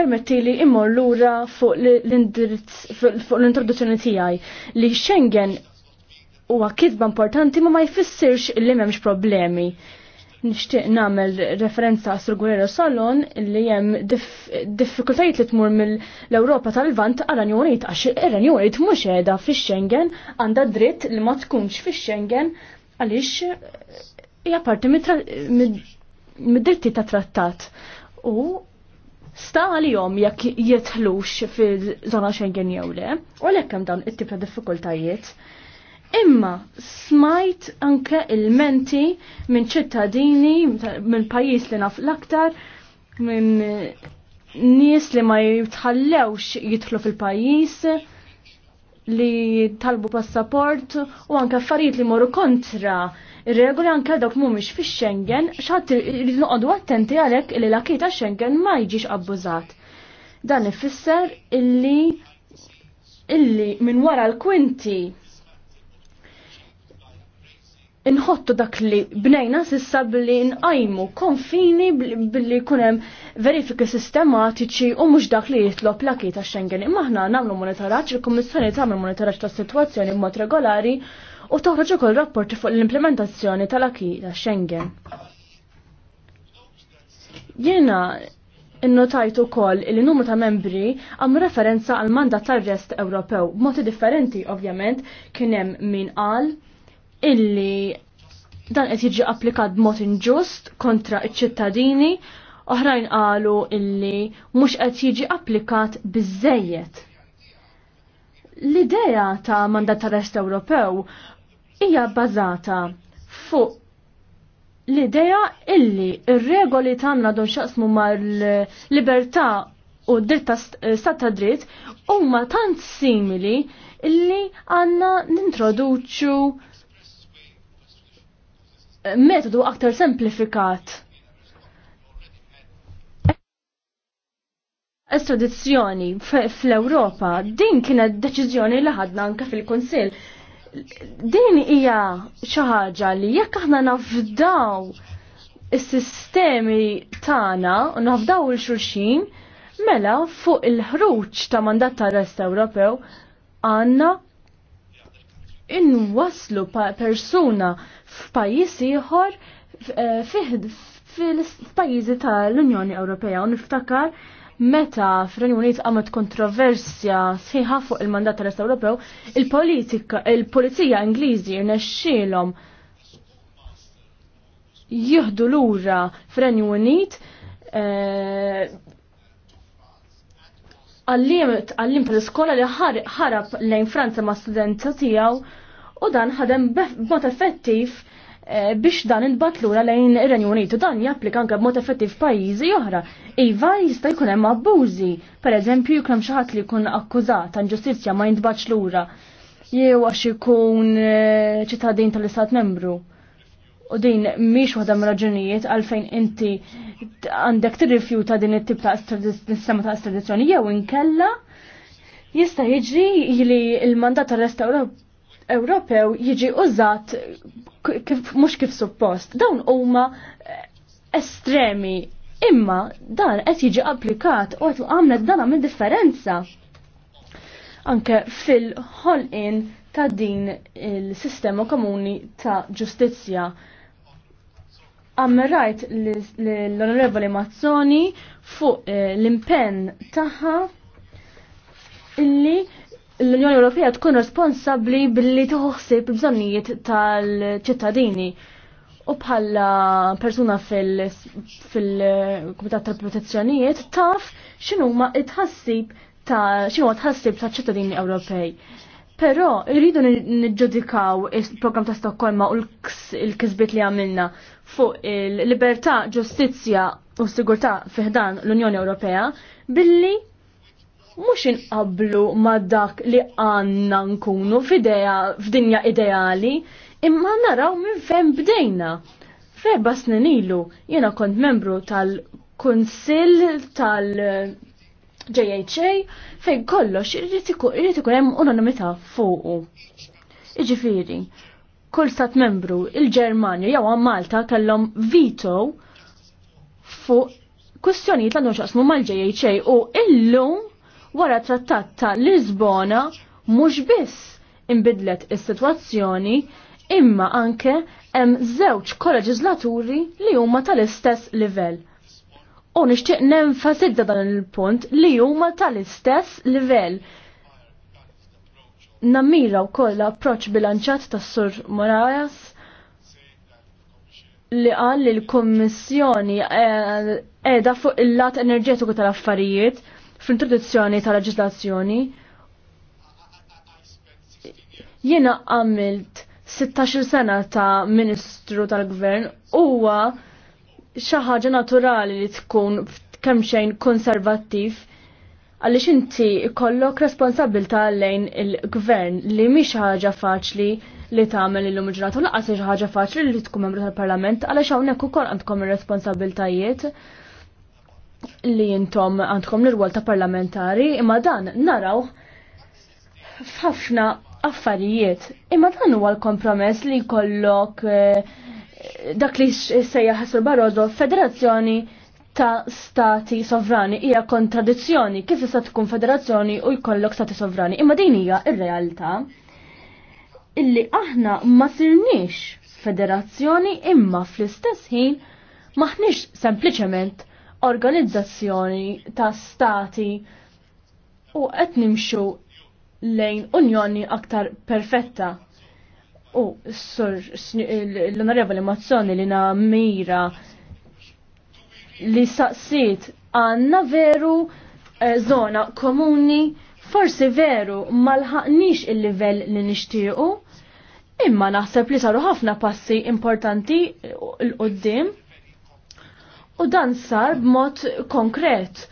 Permetti li immor lura fuq l-introduzzjoni tiegħi li Schengen huwa kitba importanti ma ma jfissirx li m'hemmx problemi. Nixtieq nagħmel referenza Sur Guerrero Salon li hemm diffikultajiet li tmur mill-Ewropa tal-Vant għal Unit għax ir-Renju Unit mhux qiegħda fix-Schengen għandha dritt li ma tkunx fix-Schengen għaliex hija parti mid-dritti ta' trattat. U sta għalihom jekk jitħlux fil-żona Schengen jew le, u l hemm dawn it-tip ta' diffikultajiet Imma smajt anke il-menti minn ċittadini, minn pajis li naf l-aktar, minn nies li ma jitħallewx jitħlu fil-pajis li talbu passaport u anke affarijiet li moru kontra regoli anke dawk mhumiex fix Schengen xatt irid noqogħdu attenti għalhekk li l akita ta' Schengen ma jiġix abbużat. Dan ifisser illi illi minn wara l-kwinti inħottu dak li bnejna sissa billi nqajmu konfini billi kunem verifiki sistematiċi u mhux dak li jitlob l-aki ta' Schengen. Imma aħna nagħmlu monitoraġġ, il-Kummissjoni tagħmel monitoraġġ ta' sitwazzjoni b'mod regolari u toħroġ ukoll rapporti fuq l-implementazzjoni tal-aki ta' Schengen. Jiena innotajtu ukoll il numru ta' membri għam referenza għal mandat tal-rest Ewropew. Moti differenti, ovvjament, kien hemm min qal illi dan qed jiġi applikat b'mod inġust kontra iċ-ċittadini, oħrajn qalu illi mhux qed jiġi applikat biżejjed. L-idea ta' mandat tal-Est Ewropew hija bbażata fuq l-idea illi ir-regoli tagħna għadhom xaqsmu mal-libertà u dritt eh, stat ta' dritt huma tant simili illi għandna nintroduċu metodu aktar semplifikat. Estradizzjoni fl-Ewropa, din kienet deċiżjoni li ħadna anke fil-Kunsill. Din hija xi ħaġa li jekk aħna nafdaw is-sistemi tagħna u nafdaw il-xulxin, mela fuq il-ħruġ ta' mandat ta' rest Ewropew għandna inwaslu persuna f'pajjiż ieħor eh, fil-pajjiżi tal-Unjoni Ewropea u niftakar meta fir-Renju Unit għamet kontroversja sħiħa fuq il-mandat tal-Est Ewropew, il-politika, il pulizija Ingliżi rnexxielhom jieħdu lura fir-Renju Unit eh, għallim tal-iskola li ħarab lejn Franza ma' studenta tiegħu u dan ħadem b'mod effettiv eh, biex dan inbat lura lejn ir-Renju Unitu dan japplika anke b'mod effettiv pajjiżi oħra. Iva jista' jkun hemm abbużi, pereżempju jkun hemm xi ħadd li jkun akkużat għan ġustizzja ma jintbatx lura jew għax ikun eh, ċittadin tal-Istat Membru. U din mhix waħda mir-raġunijiet għalfejn inti għandek tirrifjuta din it-tip ta' sistema ta' estradizzjoni jew inkella jista' jiġri li l-mandat tal-Rest Ewropew jiġi użat mhux kif suppost. Dawn huma eh, estremi imma dan qed jiġi applikat u qed għamlet dan għamil differenza. Anke fil-ħolqin ta' din il-sistema komuni ta' ġustizzja. Ammerajt l-Onorevoli Mazzoni fuq eh, l-impenn tagħha illi l-Unjoni Ewropea tkun responsabbli billi toħsib bżonnijiet tal-ċittadini. U bħalla persuna fil-Kumitat tal-Protezzjonijiet taf xinu ma tħassib ta' ma tħassib ta' ċittadini Ewropej. Però irridu niġġudikaw il-programm ta' Stokkolma u l-kisbit li għamilna fuq il-libertà, ġustizzja u sigurtà fiħdan l-Unjoni Ewropea billi mux inqablu ma dak li għanna nkunu f'dinja ideali, imma naraw minn fejn bdejna. Ferba snin ilu, jena kont membru tal-Kunsill tal-JHA fejn kollox irrid ikun hemm unanimità fuqu. Iġifieri, kull stat membru il-Ġermanja jew Malta kellhom veto fuq kwistjonijiet l-għandu xaqsmu mal-JHA u illum wara trattat ta' Lisbona mhux biss imbidlet is-sitwazzjoni imma anke hemm żewġ koleġislaturi li huma tal-istess livell. U nixtieq nenfasizza dan il-punt li huma tal-istess livell. Nammira wkoll approċċ bilanċat tas-Sur Moraes li qal li l-Kommissjoni eh, qiegħda fuq il-lat enerġetiku tal-affarijiet fl-introduzzjoni tal-leġislazzjoni. Jiena għamilt 16 sena ta' ministru tal-gvern huwa xi ħaġa naturali li tkun kemm xejn konservattiv għaliex inti kollok responsabilta lejn il-gvern li mhix ħaġa faċli li tagħmel illum ġurnata laqas xi ħaġa faċli li tkun membru tal-Parlament għaliex hawnhekk ukoll għandkom ir-responsabiltajiet li jintom għandkom l-rwol ta' parlamentari, imma dan naraw f'ħafna affarijiet. Imma dan huwa l-kompromess li kollok eh, dak li sejjaħ ħasur Barroso federazzjoni ta' stati sovrani hija kontradizzjoni kif tista' tkun federazzjoni u jkollok stati sovrani. Imma din hija ir-realtà illi aħna ma sirniex federazzjoni imma fl-istess ħin maħniex sempliċement organizzazzjoni ta' stati u qed nimxu lejn unjoni aktar perfetta. U sur l-onorevoli Mazzoni li mira li saqsit għanna veru eh, zona komuni forsi veru malħaqnix il-livell li nixtiequ imma naħseb li saru ħafna passi importanti eh, l-qoddim U dan sar b'mod konkret,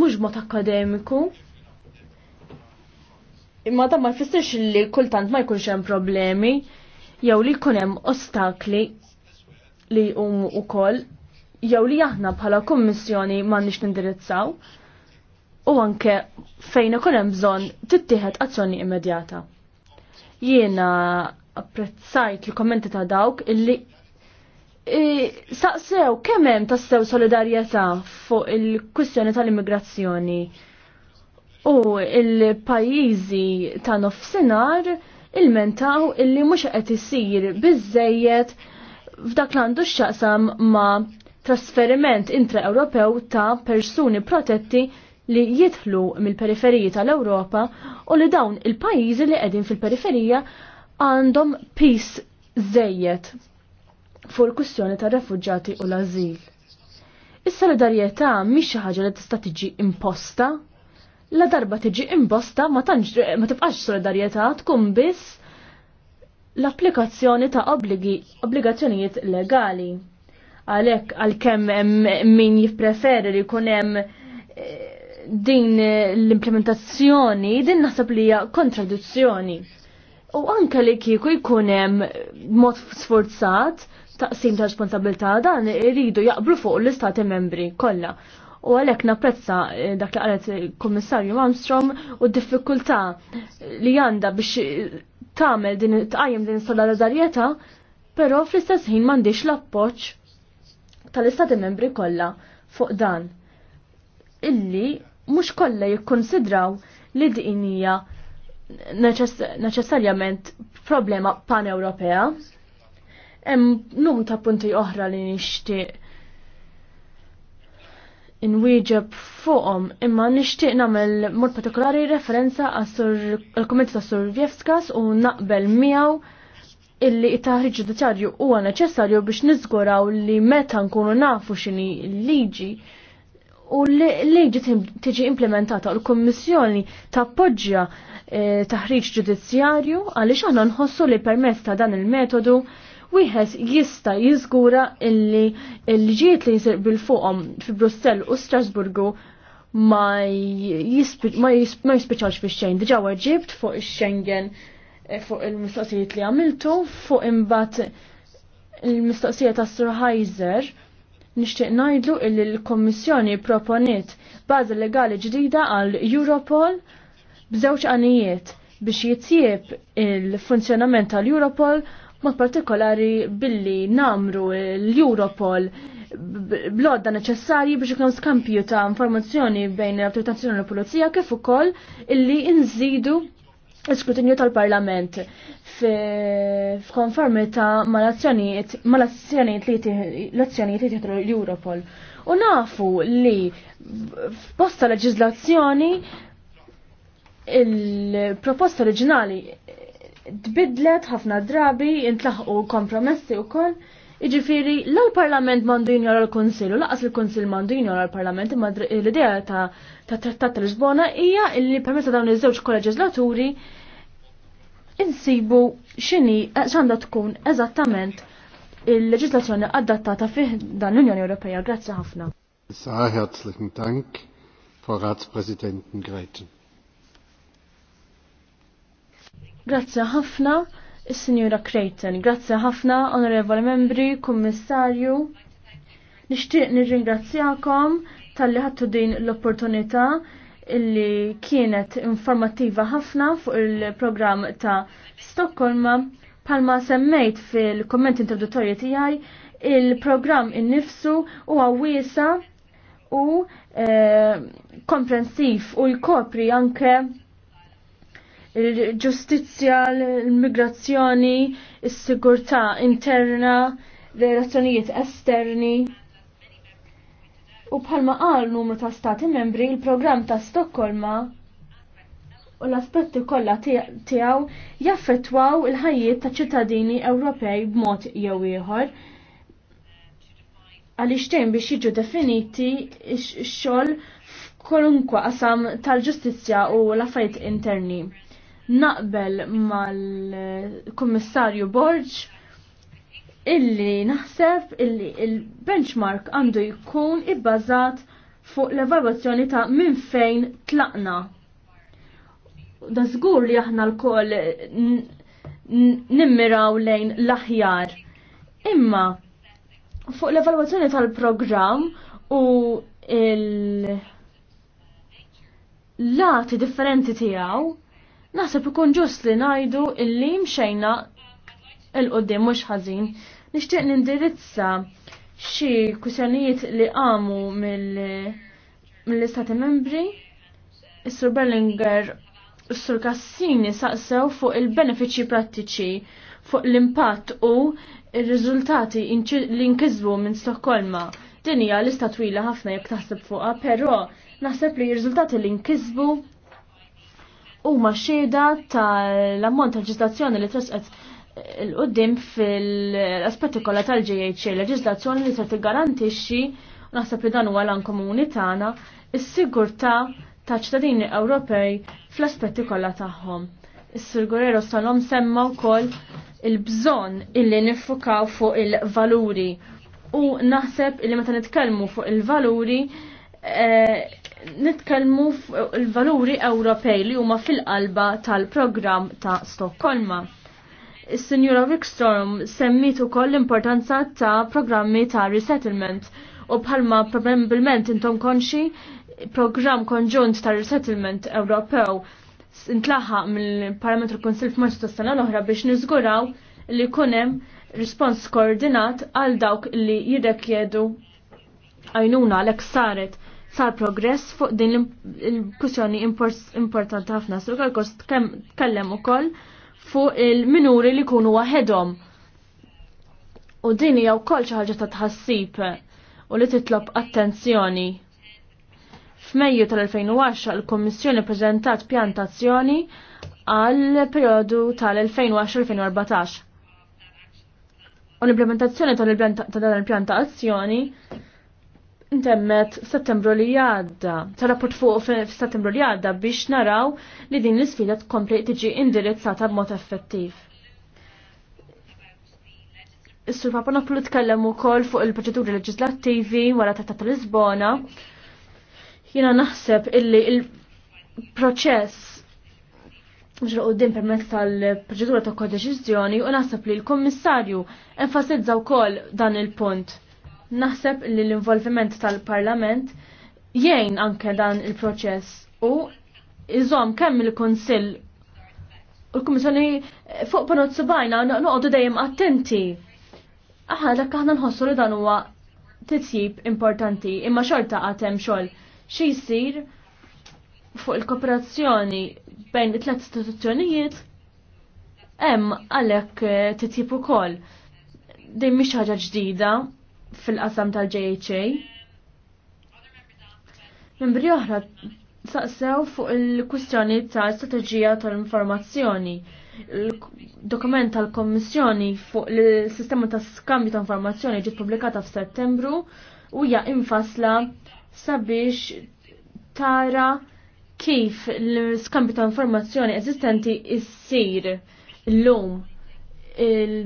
mhux b'mod akademiku. Imma dan ma jfissirx li kultant ma jkunx hemm problemi jew li jkun hemm ostakli li jqumu wkoll jew li aħna bħala kummissjoni m'għandniex nindirizzaw u anke fejn ikun hemm bżonn tittieħed azzjoni immedjata. Jiena apprezzajt il-kommenti ta' dawk illi saqsew kemm hemm tassew solidarjetà fuq il-kwistjoni tal-immigrazzjoni u il-pajjiżi ta' nofsinhar ilmentaw illi mhux qed isir biżejjed f'dak l-għandu x'aqsam ma' trasferiment intra-Ewropew ta' persuni protetti li jidħlu mill-periferiji tal-Ewropa u li dawn il-pajjiżi li qegħdin fil-periferija għandhom peace żejjed fuq il-kwistjoni tar refugġati u l-azil. Is-solidarjetà mhix xi ħaġa li tista' tiġi imposta. La darba tiġi imposta ma tantx ma tibqax solidarjetà tkun biss l-applikazzjoni ta' obbligi obbligazzjonijiet legali. Għalhekk għalkemm min jippreferi li jkun hemm eh, din l-implementazzjoni din naħseb li hija kontradizzjoni. U anke li kieku jkun hemm mod sforzat taqsim ta' responsabilità dan iridu jaqblu fuq l-istati membri kollha. U għalhekk napprezza eh, dak li qalet il-Kummissarju Malmstrom u d-diffikultà li għandha biex tagħmel din tqajjem din solidarjetà, però fl-istess ħin m'għandix l-appoġġ tal-istati membri kollha fuq dan. Illi mhux kollha jikkonsidraw li din hija neċessarjament problema pan-Ewropea. Hemm num ta' punti oħra li nixtieq wieġeb fuqhom, imma nixtieq nagħmel mod partikolari referenza għal kumment ta' Sur Vjevskas u naqbel miegħu illi it-taħriġ ġudizzjarju huwa neċessarju biex niżguraw li meta nkunu nafu x'inhi l-liġi u l-liġi tiġi implementata u l kummissjoni tappoġġja eh, taħriġ ġudizzjarju għaliex aħna nħossu li permezz ta' dan il-metodu wieħed jista' jiżgura illi l-ġiet li bil fuqhom fi Brussell u Strasburgu ma jispiċċawx fi xejn. Diġà ġibt fuq ix-Schengen eh, fuq il-mistoqsijiet li għamiltu fuq imbagħad il-mistoqsija ta' Sir nixtieq ngħidlu illi l-Kommissjoni proponiet bażi legali ġdida għal Europol b'żewġ għanijiet biex jitjieb il-funzjonament tal-Europol mod partikolari billi namru l-Europol blodda neċessarji biex ikun skampju ta' informazzjoni bejn l-Autorità Nazzjonali u l-Pulizija kif ukoll illi nżidu l-skrutinju tal-Parlament f'konformità mal azzjoni l-azzjonijiet li tieħdu l-Europol. U nafu li f'posta leġiżlazzjoni il-proposta oriġinali tbidlet ħafna drabi, intlaħqu kompromessi u koll. Iġifiri, l-Parlament mandu jinjora l-Konsil, u laqas l-Konsil mandu jinjora l-Parlament, imma l-idea ta' trattat l Lisbona hija li permessa dawn iż-żewġ kolleġislaturi insibu xini eh, xanda tkun eżattament il-leġislazzjoni adattata fih dan l-Unjoni Ewropea. Grazzi ħafna. Sa' l-kintank, forrat President Greichen. Grazzi ħafna, is-Sinjura Creighton. Grazzi ħafna, Onorevoli Membri, Kummissarju. Nixtieq nirringrazzjakom tal-li ħattu din l-opportunità illi kienet informattiva ħafna fuq il-programm ta' Stokkolma. Palma semmejt fil-komment introduttorji tiegħi il-programm innifsu huwa wiesa u eh, komprensiv u jkopri anke il-ġustizzja, l-immigrazzjoni, is-sigurtà interna, relazzjonijiet esterni. U bħalma qal numru ta' stati membri, il-programm ta' Stokkolma u l-aspetti kollha tiegħu jaffettwaw il-ħajjiet ta' ċittadini Ewropej b'mod jew ieħor. Għaliex dejjem biex jiġu definiti x-xogħol f'kolunkwa qasam tal-ġustizzja u l affajt interni naqbel mal-Kummissarju Borġ illi naħseb illi il-benchmark għandu jkun ibbażat fuq l-evalwazzjoni ta' minn fejn tlaqna. Da żgur li aħna l-koll nimmiraw lejn l-aħjar. Imma fuq l-evalwazzjoni tal-programm u il- lati differenti tiegħu Naħseb ikun ġust li ngħidu illi mxejna il-qoddim mhux ħażin. Nixtieq nindirizza xi kusjonijiet li għamu mill-Istati Membri. Is-Sur Berlinger Sur Cassini saqsew fuq il-benefiċi prattiċi fuq l-impatt u il-riżultati li nkizbu minn Stokkolma. Din hija istatwila twila ħafna jekk taħseb fuqa, però naħseb li r-riżultati li nkisbu huma xhieda tal-ammont tal-ġistazzjoni li tresqet il-qoddim fil-aspetti kollha tal-GHA, leġislazzjoni li se tiggarantixxi naħseb li dan huwa lan komuni tagħna is-sigurtà ta' ċittadini Ewropej fl-aspetti kollha tagħhom. is sigurero sal salom semma wkoll il-bżonn illi nifukaw fuq il-valuri u naħseb illi meta nitkellmu fuq il-valuri eh, nitkellmu l-valuri Ewropej li huma fil-qalba tal-programm ta' Stokkolma. Is-Sinjura Wikstrom semmit ukoll l-importanza ta' programmi ta' resettlement u bħalma probabbilment intom konxi programm konġunt ta' resettlement Ewropew intlaħaq mill-Parlament u konsil f'Marzu ta' sena l-oħra biex niżguraw li kunem respons koordinat għal dawk li jirrekjedu għajnuna l saret sar progress fuq din il-kussjoni importanti ħafna. Sur kost kellem ukoll fuq il-minuri li kunu waħedhom. U din hija wkoll xi ħaġa ta' tħassib u li titlob attenzjoni. F'Mejju tal-2010 il-Kommissjoni preżentat pjantazzjoni għal periodu tal-2010-2014. U l-implementazzjoni tal ta' azzjoni intemmet settembru li għadda, tal-rapport fuq f'settembru li għadda biex naraw li din l-sfida tkompli tiġi indirizzata b'mod effettiv. Is-Sur Naplu tkellem ukoll fuq il-proċeduri leġislattivi wara ta' ta' Lisbona. Jiena naħseb illi il-proċess mux raqoddim permess tal-proċedura ta' kodeċizjoni u naħseb li l-Kommissarju enfasizza wkoll dan il-punt Naħseb li l-involviment tal-Parlament jgħin anke dan il-proċess u iżom kemm il konsil u l komissjoni fuq panot subajna noqogħdu dejjem attenti. Aħna dak aħna nħossu li dan huwa titjib importanti imma xorta għad hemm xogħol xi jsir fuq il-kooperazzjoni bejn it-tlet istituzzjonijiet hemm għalhekk titjib ukoll. Din mhix ħaġa ġdida, fil-qasam tal-JHA. Membri oħra saqsew fuq il-kwistjoni ta' strategija tal-informazzjoni. Il-dokument tal-Kommissjoni fuq il-sistema ta' skambju ta' informazzjoni ġiet publikata f'Settembru u hija infasla sabiex tara kif l-skambju ta' informazzjoni eżistenti issir l-lum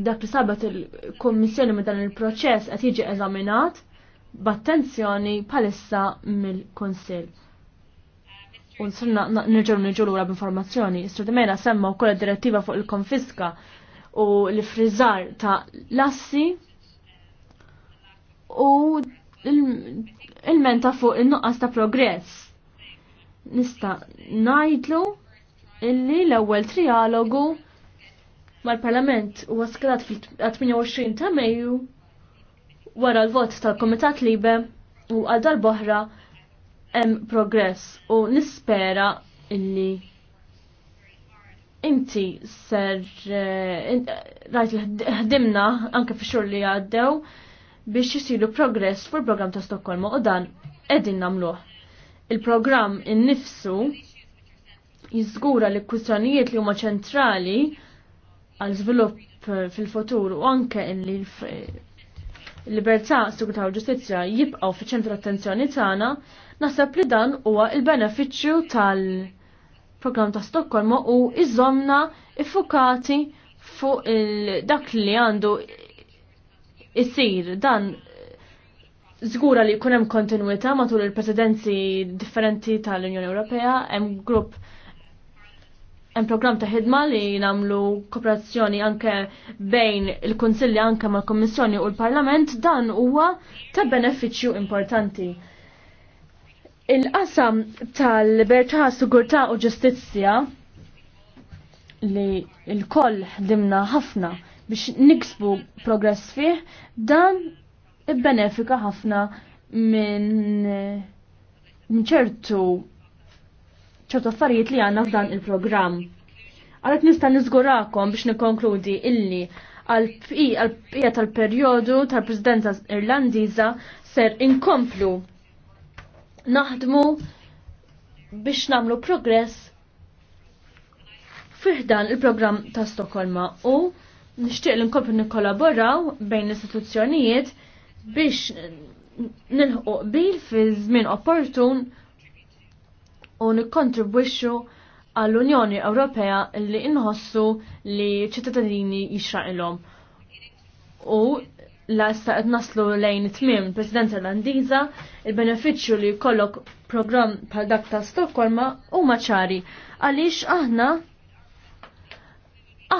dak li sabat il-kommissjoni me dan il-proċess qed jiġi eżaminat b'attenzjoni palissa mill-Konsill. U sirna nirġgħu niġu lura b'informazzjoni. Istudimena semma wkoll direttiva fuq il-konfiska u l-friżar ta' lassi u il-menta fuq il-nuqqas ta' progress. Nista' najdlu illi l-ewwel trialogu mal-Parlament u għaskalat fil-28 ta' Mejju wara l-vot tal-Komitat Libe u għal boħra hemm progress u nispera illi inti ser eh, rajt l ħdimna anke fi xhur li għaddew biex jisiru progress fur program ta' Stokkolma u dan qegħdin namluħ. Il-programm innifsu jiżgura li kwistjonijiet li huma ċentrali għal żvilupp eh, fil-futur u anke li l-libertà, sigurtà u ġustizzja jibqgħu fiċ-ċentru attenzjoni tagħna, naħseb li dan huwa il-benefiċċju tal-programm ta' Stokkolma u iżomna iffukati fuq dak li għandu isir dan Zgura li jkun hemm matul il-presidenzi differenti tal-Unjoni Ewropea, hemm grupp hemm programm ta' ħidma li nagħmlu kooperazzjoni anke bejn il-Kunsilli anke mal-Kommissjoni u l-Parlament dan huwa ta' benefiċċju importanti. Il-qasam tal-libertà, sigurtà u ġustizzja li l-koll ħdimna ħafna biex niksbu progress fih dan ibbenefika ħafna minn ċertu ċertu affarijiet li għanna f'dan il-programm. Għalek nista' niżgurakom biex nikkonkludi illi għal-bqija tal-perjodu tal-Presidenza Irlandiża ser inkomplu naħdmu biex namlu progress fiħdan il-programm ta' Stokholma u nixtieq li nkomplu nikollaboraw bejn l-istituzzjonijiet biex nilħu qbil fi żmien opportun u nikkontribwixxu għall-Unjoni Ewropea li inħossu li ċittadini jixraqilhom. U lasta qed naslu lejn it tmiem il-Presidenza Irlandiża il-benefiċċju li jkollok programm bħal dak ta' Stokkolma huma ċari għaliex aħna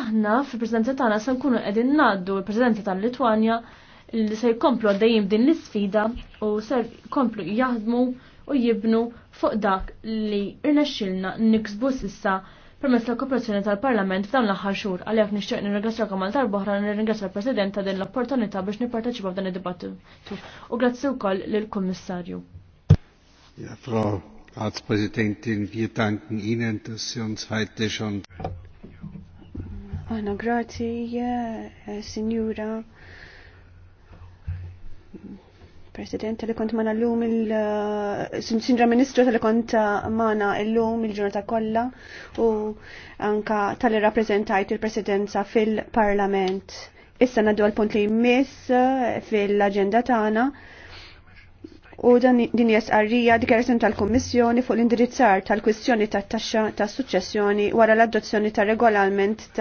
aħna fil-Presidenza tagħna se nkunu qegħdin ngħaddu l-Presidenza tal-Litwanja li se jkomplu għaddejjim din l-isfida u se jkomplu jaħdmu u jibnu fuq dak li irnexxilna niksbu sissa permezz l-kooperazzjoni tal-Parlament f'dan l-aħħar xhur għalhekk nixtieq nirringrazzja kamal tal-boħra nirringrazzja l-President ta' din l-opportunità biex nipparteċipa f'dan id-dibattitu u grazzi wkoll lill-Kummissarju. Ja, Frau Ratspräsidentin, wir danken Ihnen, dass Sie uns heute schon. Anna grazie, signora President, li kont mana l-lum il-Sindra Ministru tali kont mana l-lum uh, il-ġurnata kolla u anka tal-li rappresentajt il-Presidenza fil-Parlament. Issa naddu għal-punt li jmiss uh, fil-agenda tagħna u dan din jesqarrija dikjarazzjoni tal-Kummissjoni fuq l-indirizzar tal-kwistjoni tat-taxxa tas-suċċessjoni wara l-adozzjoni tar-regolament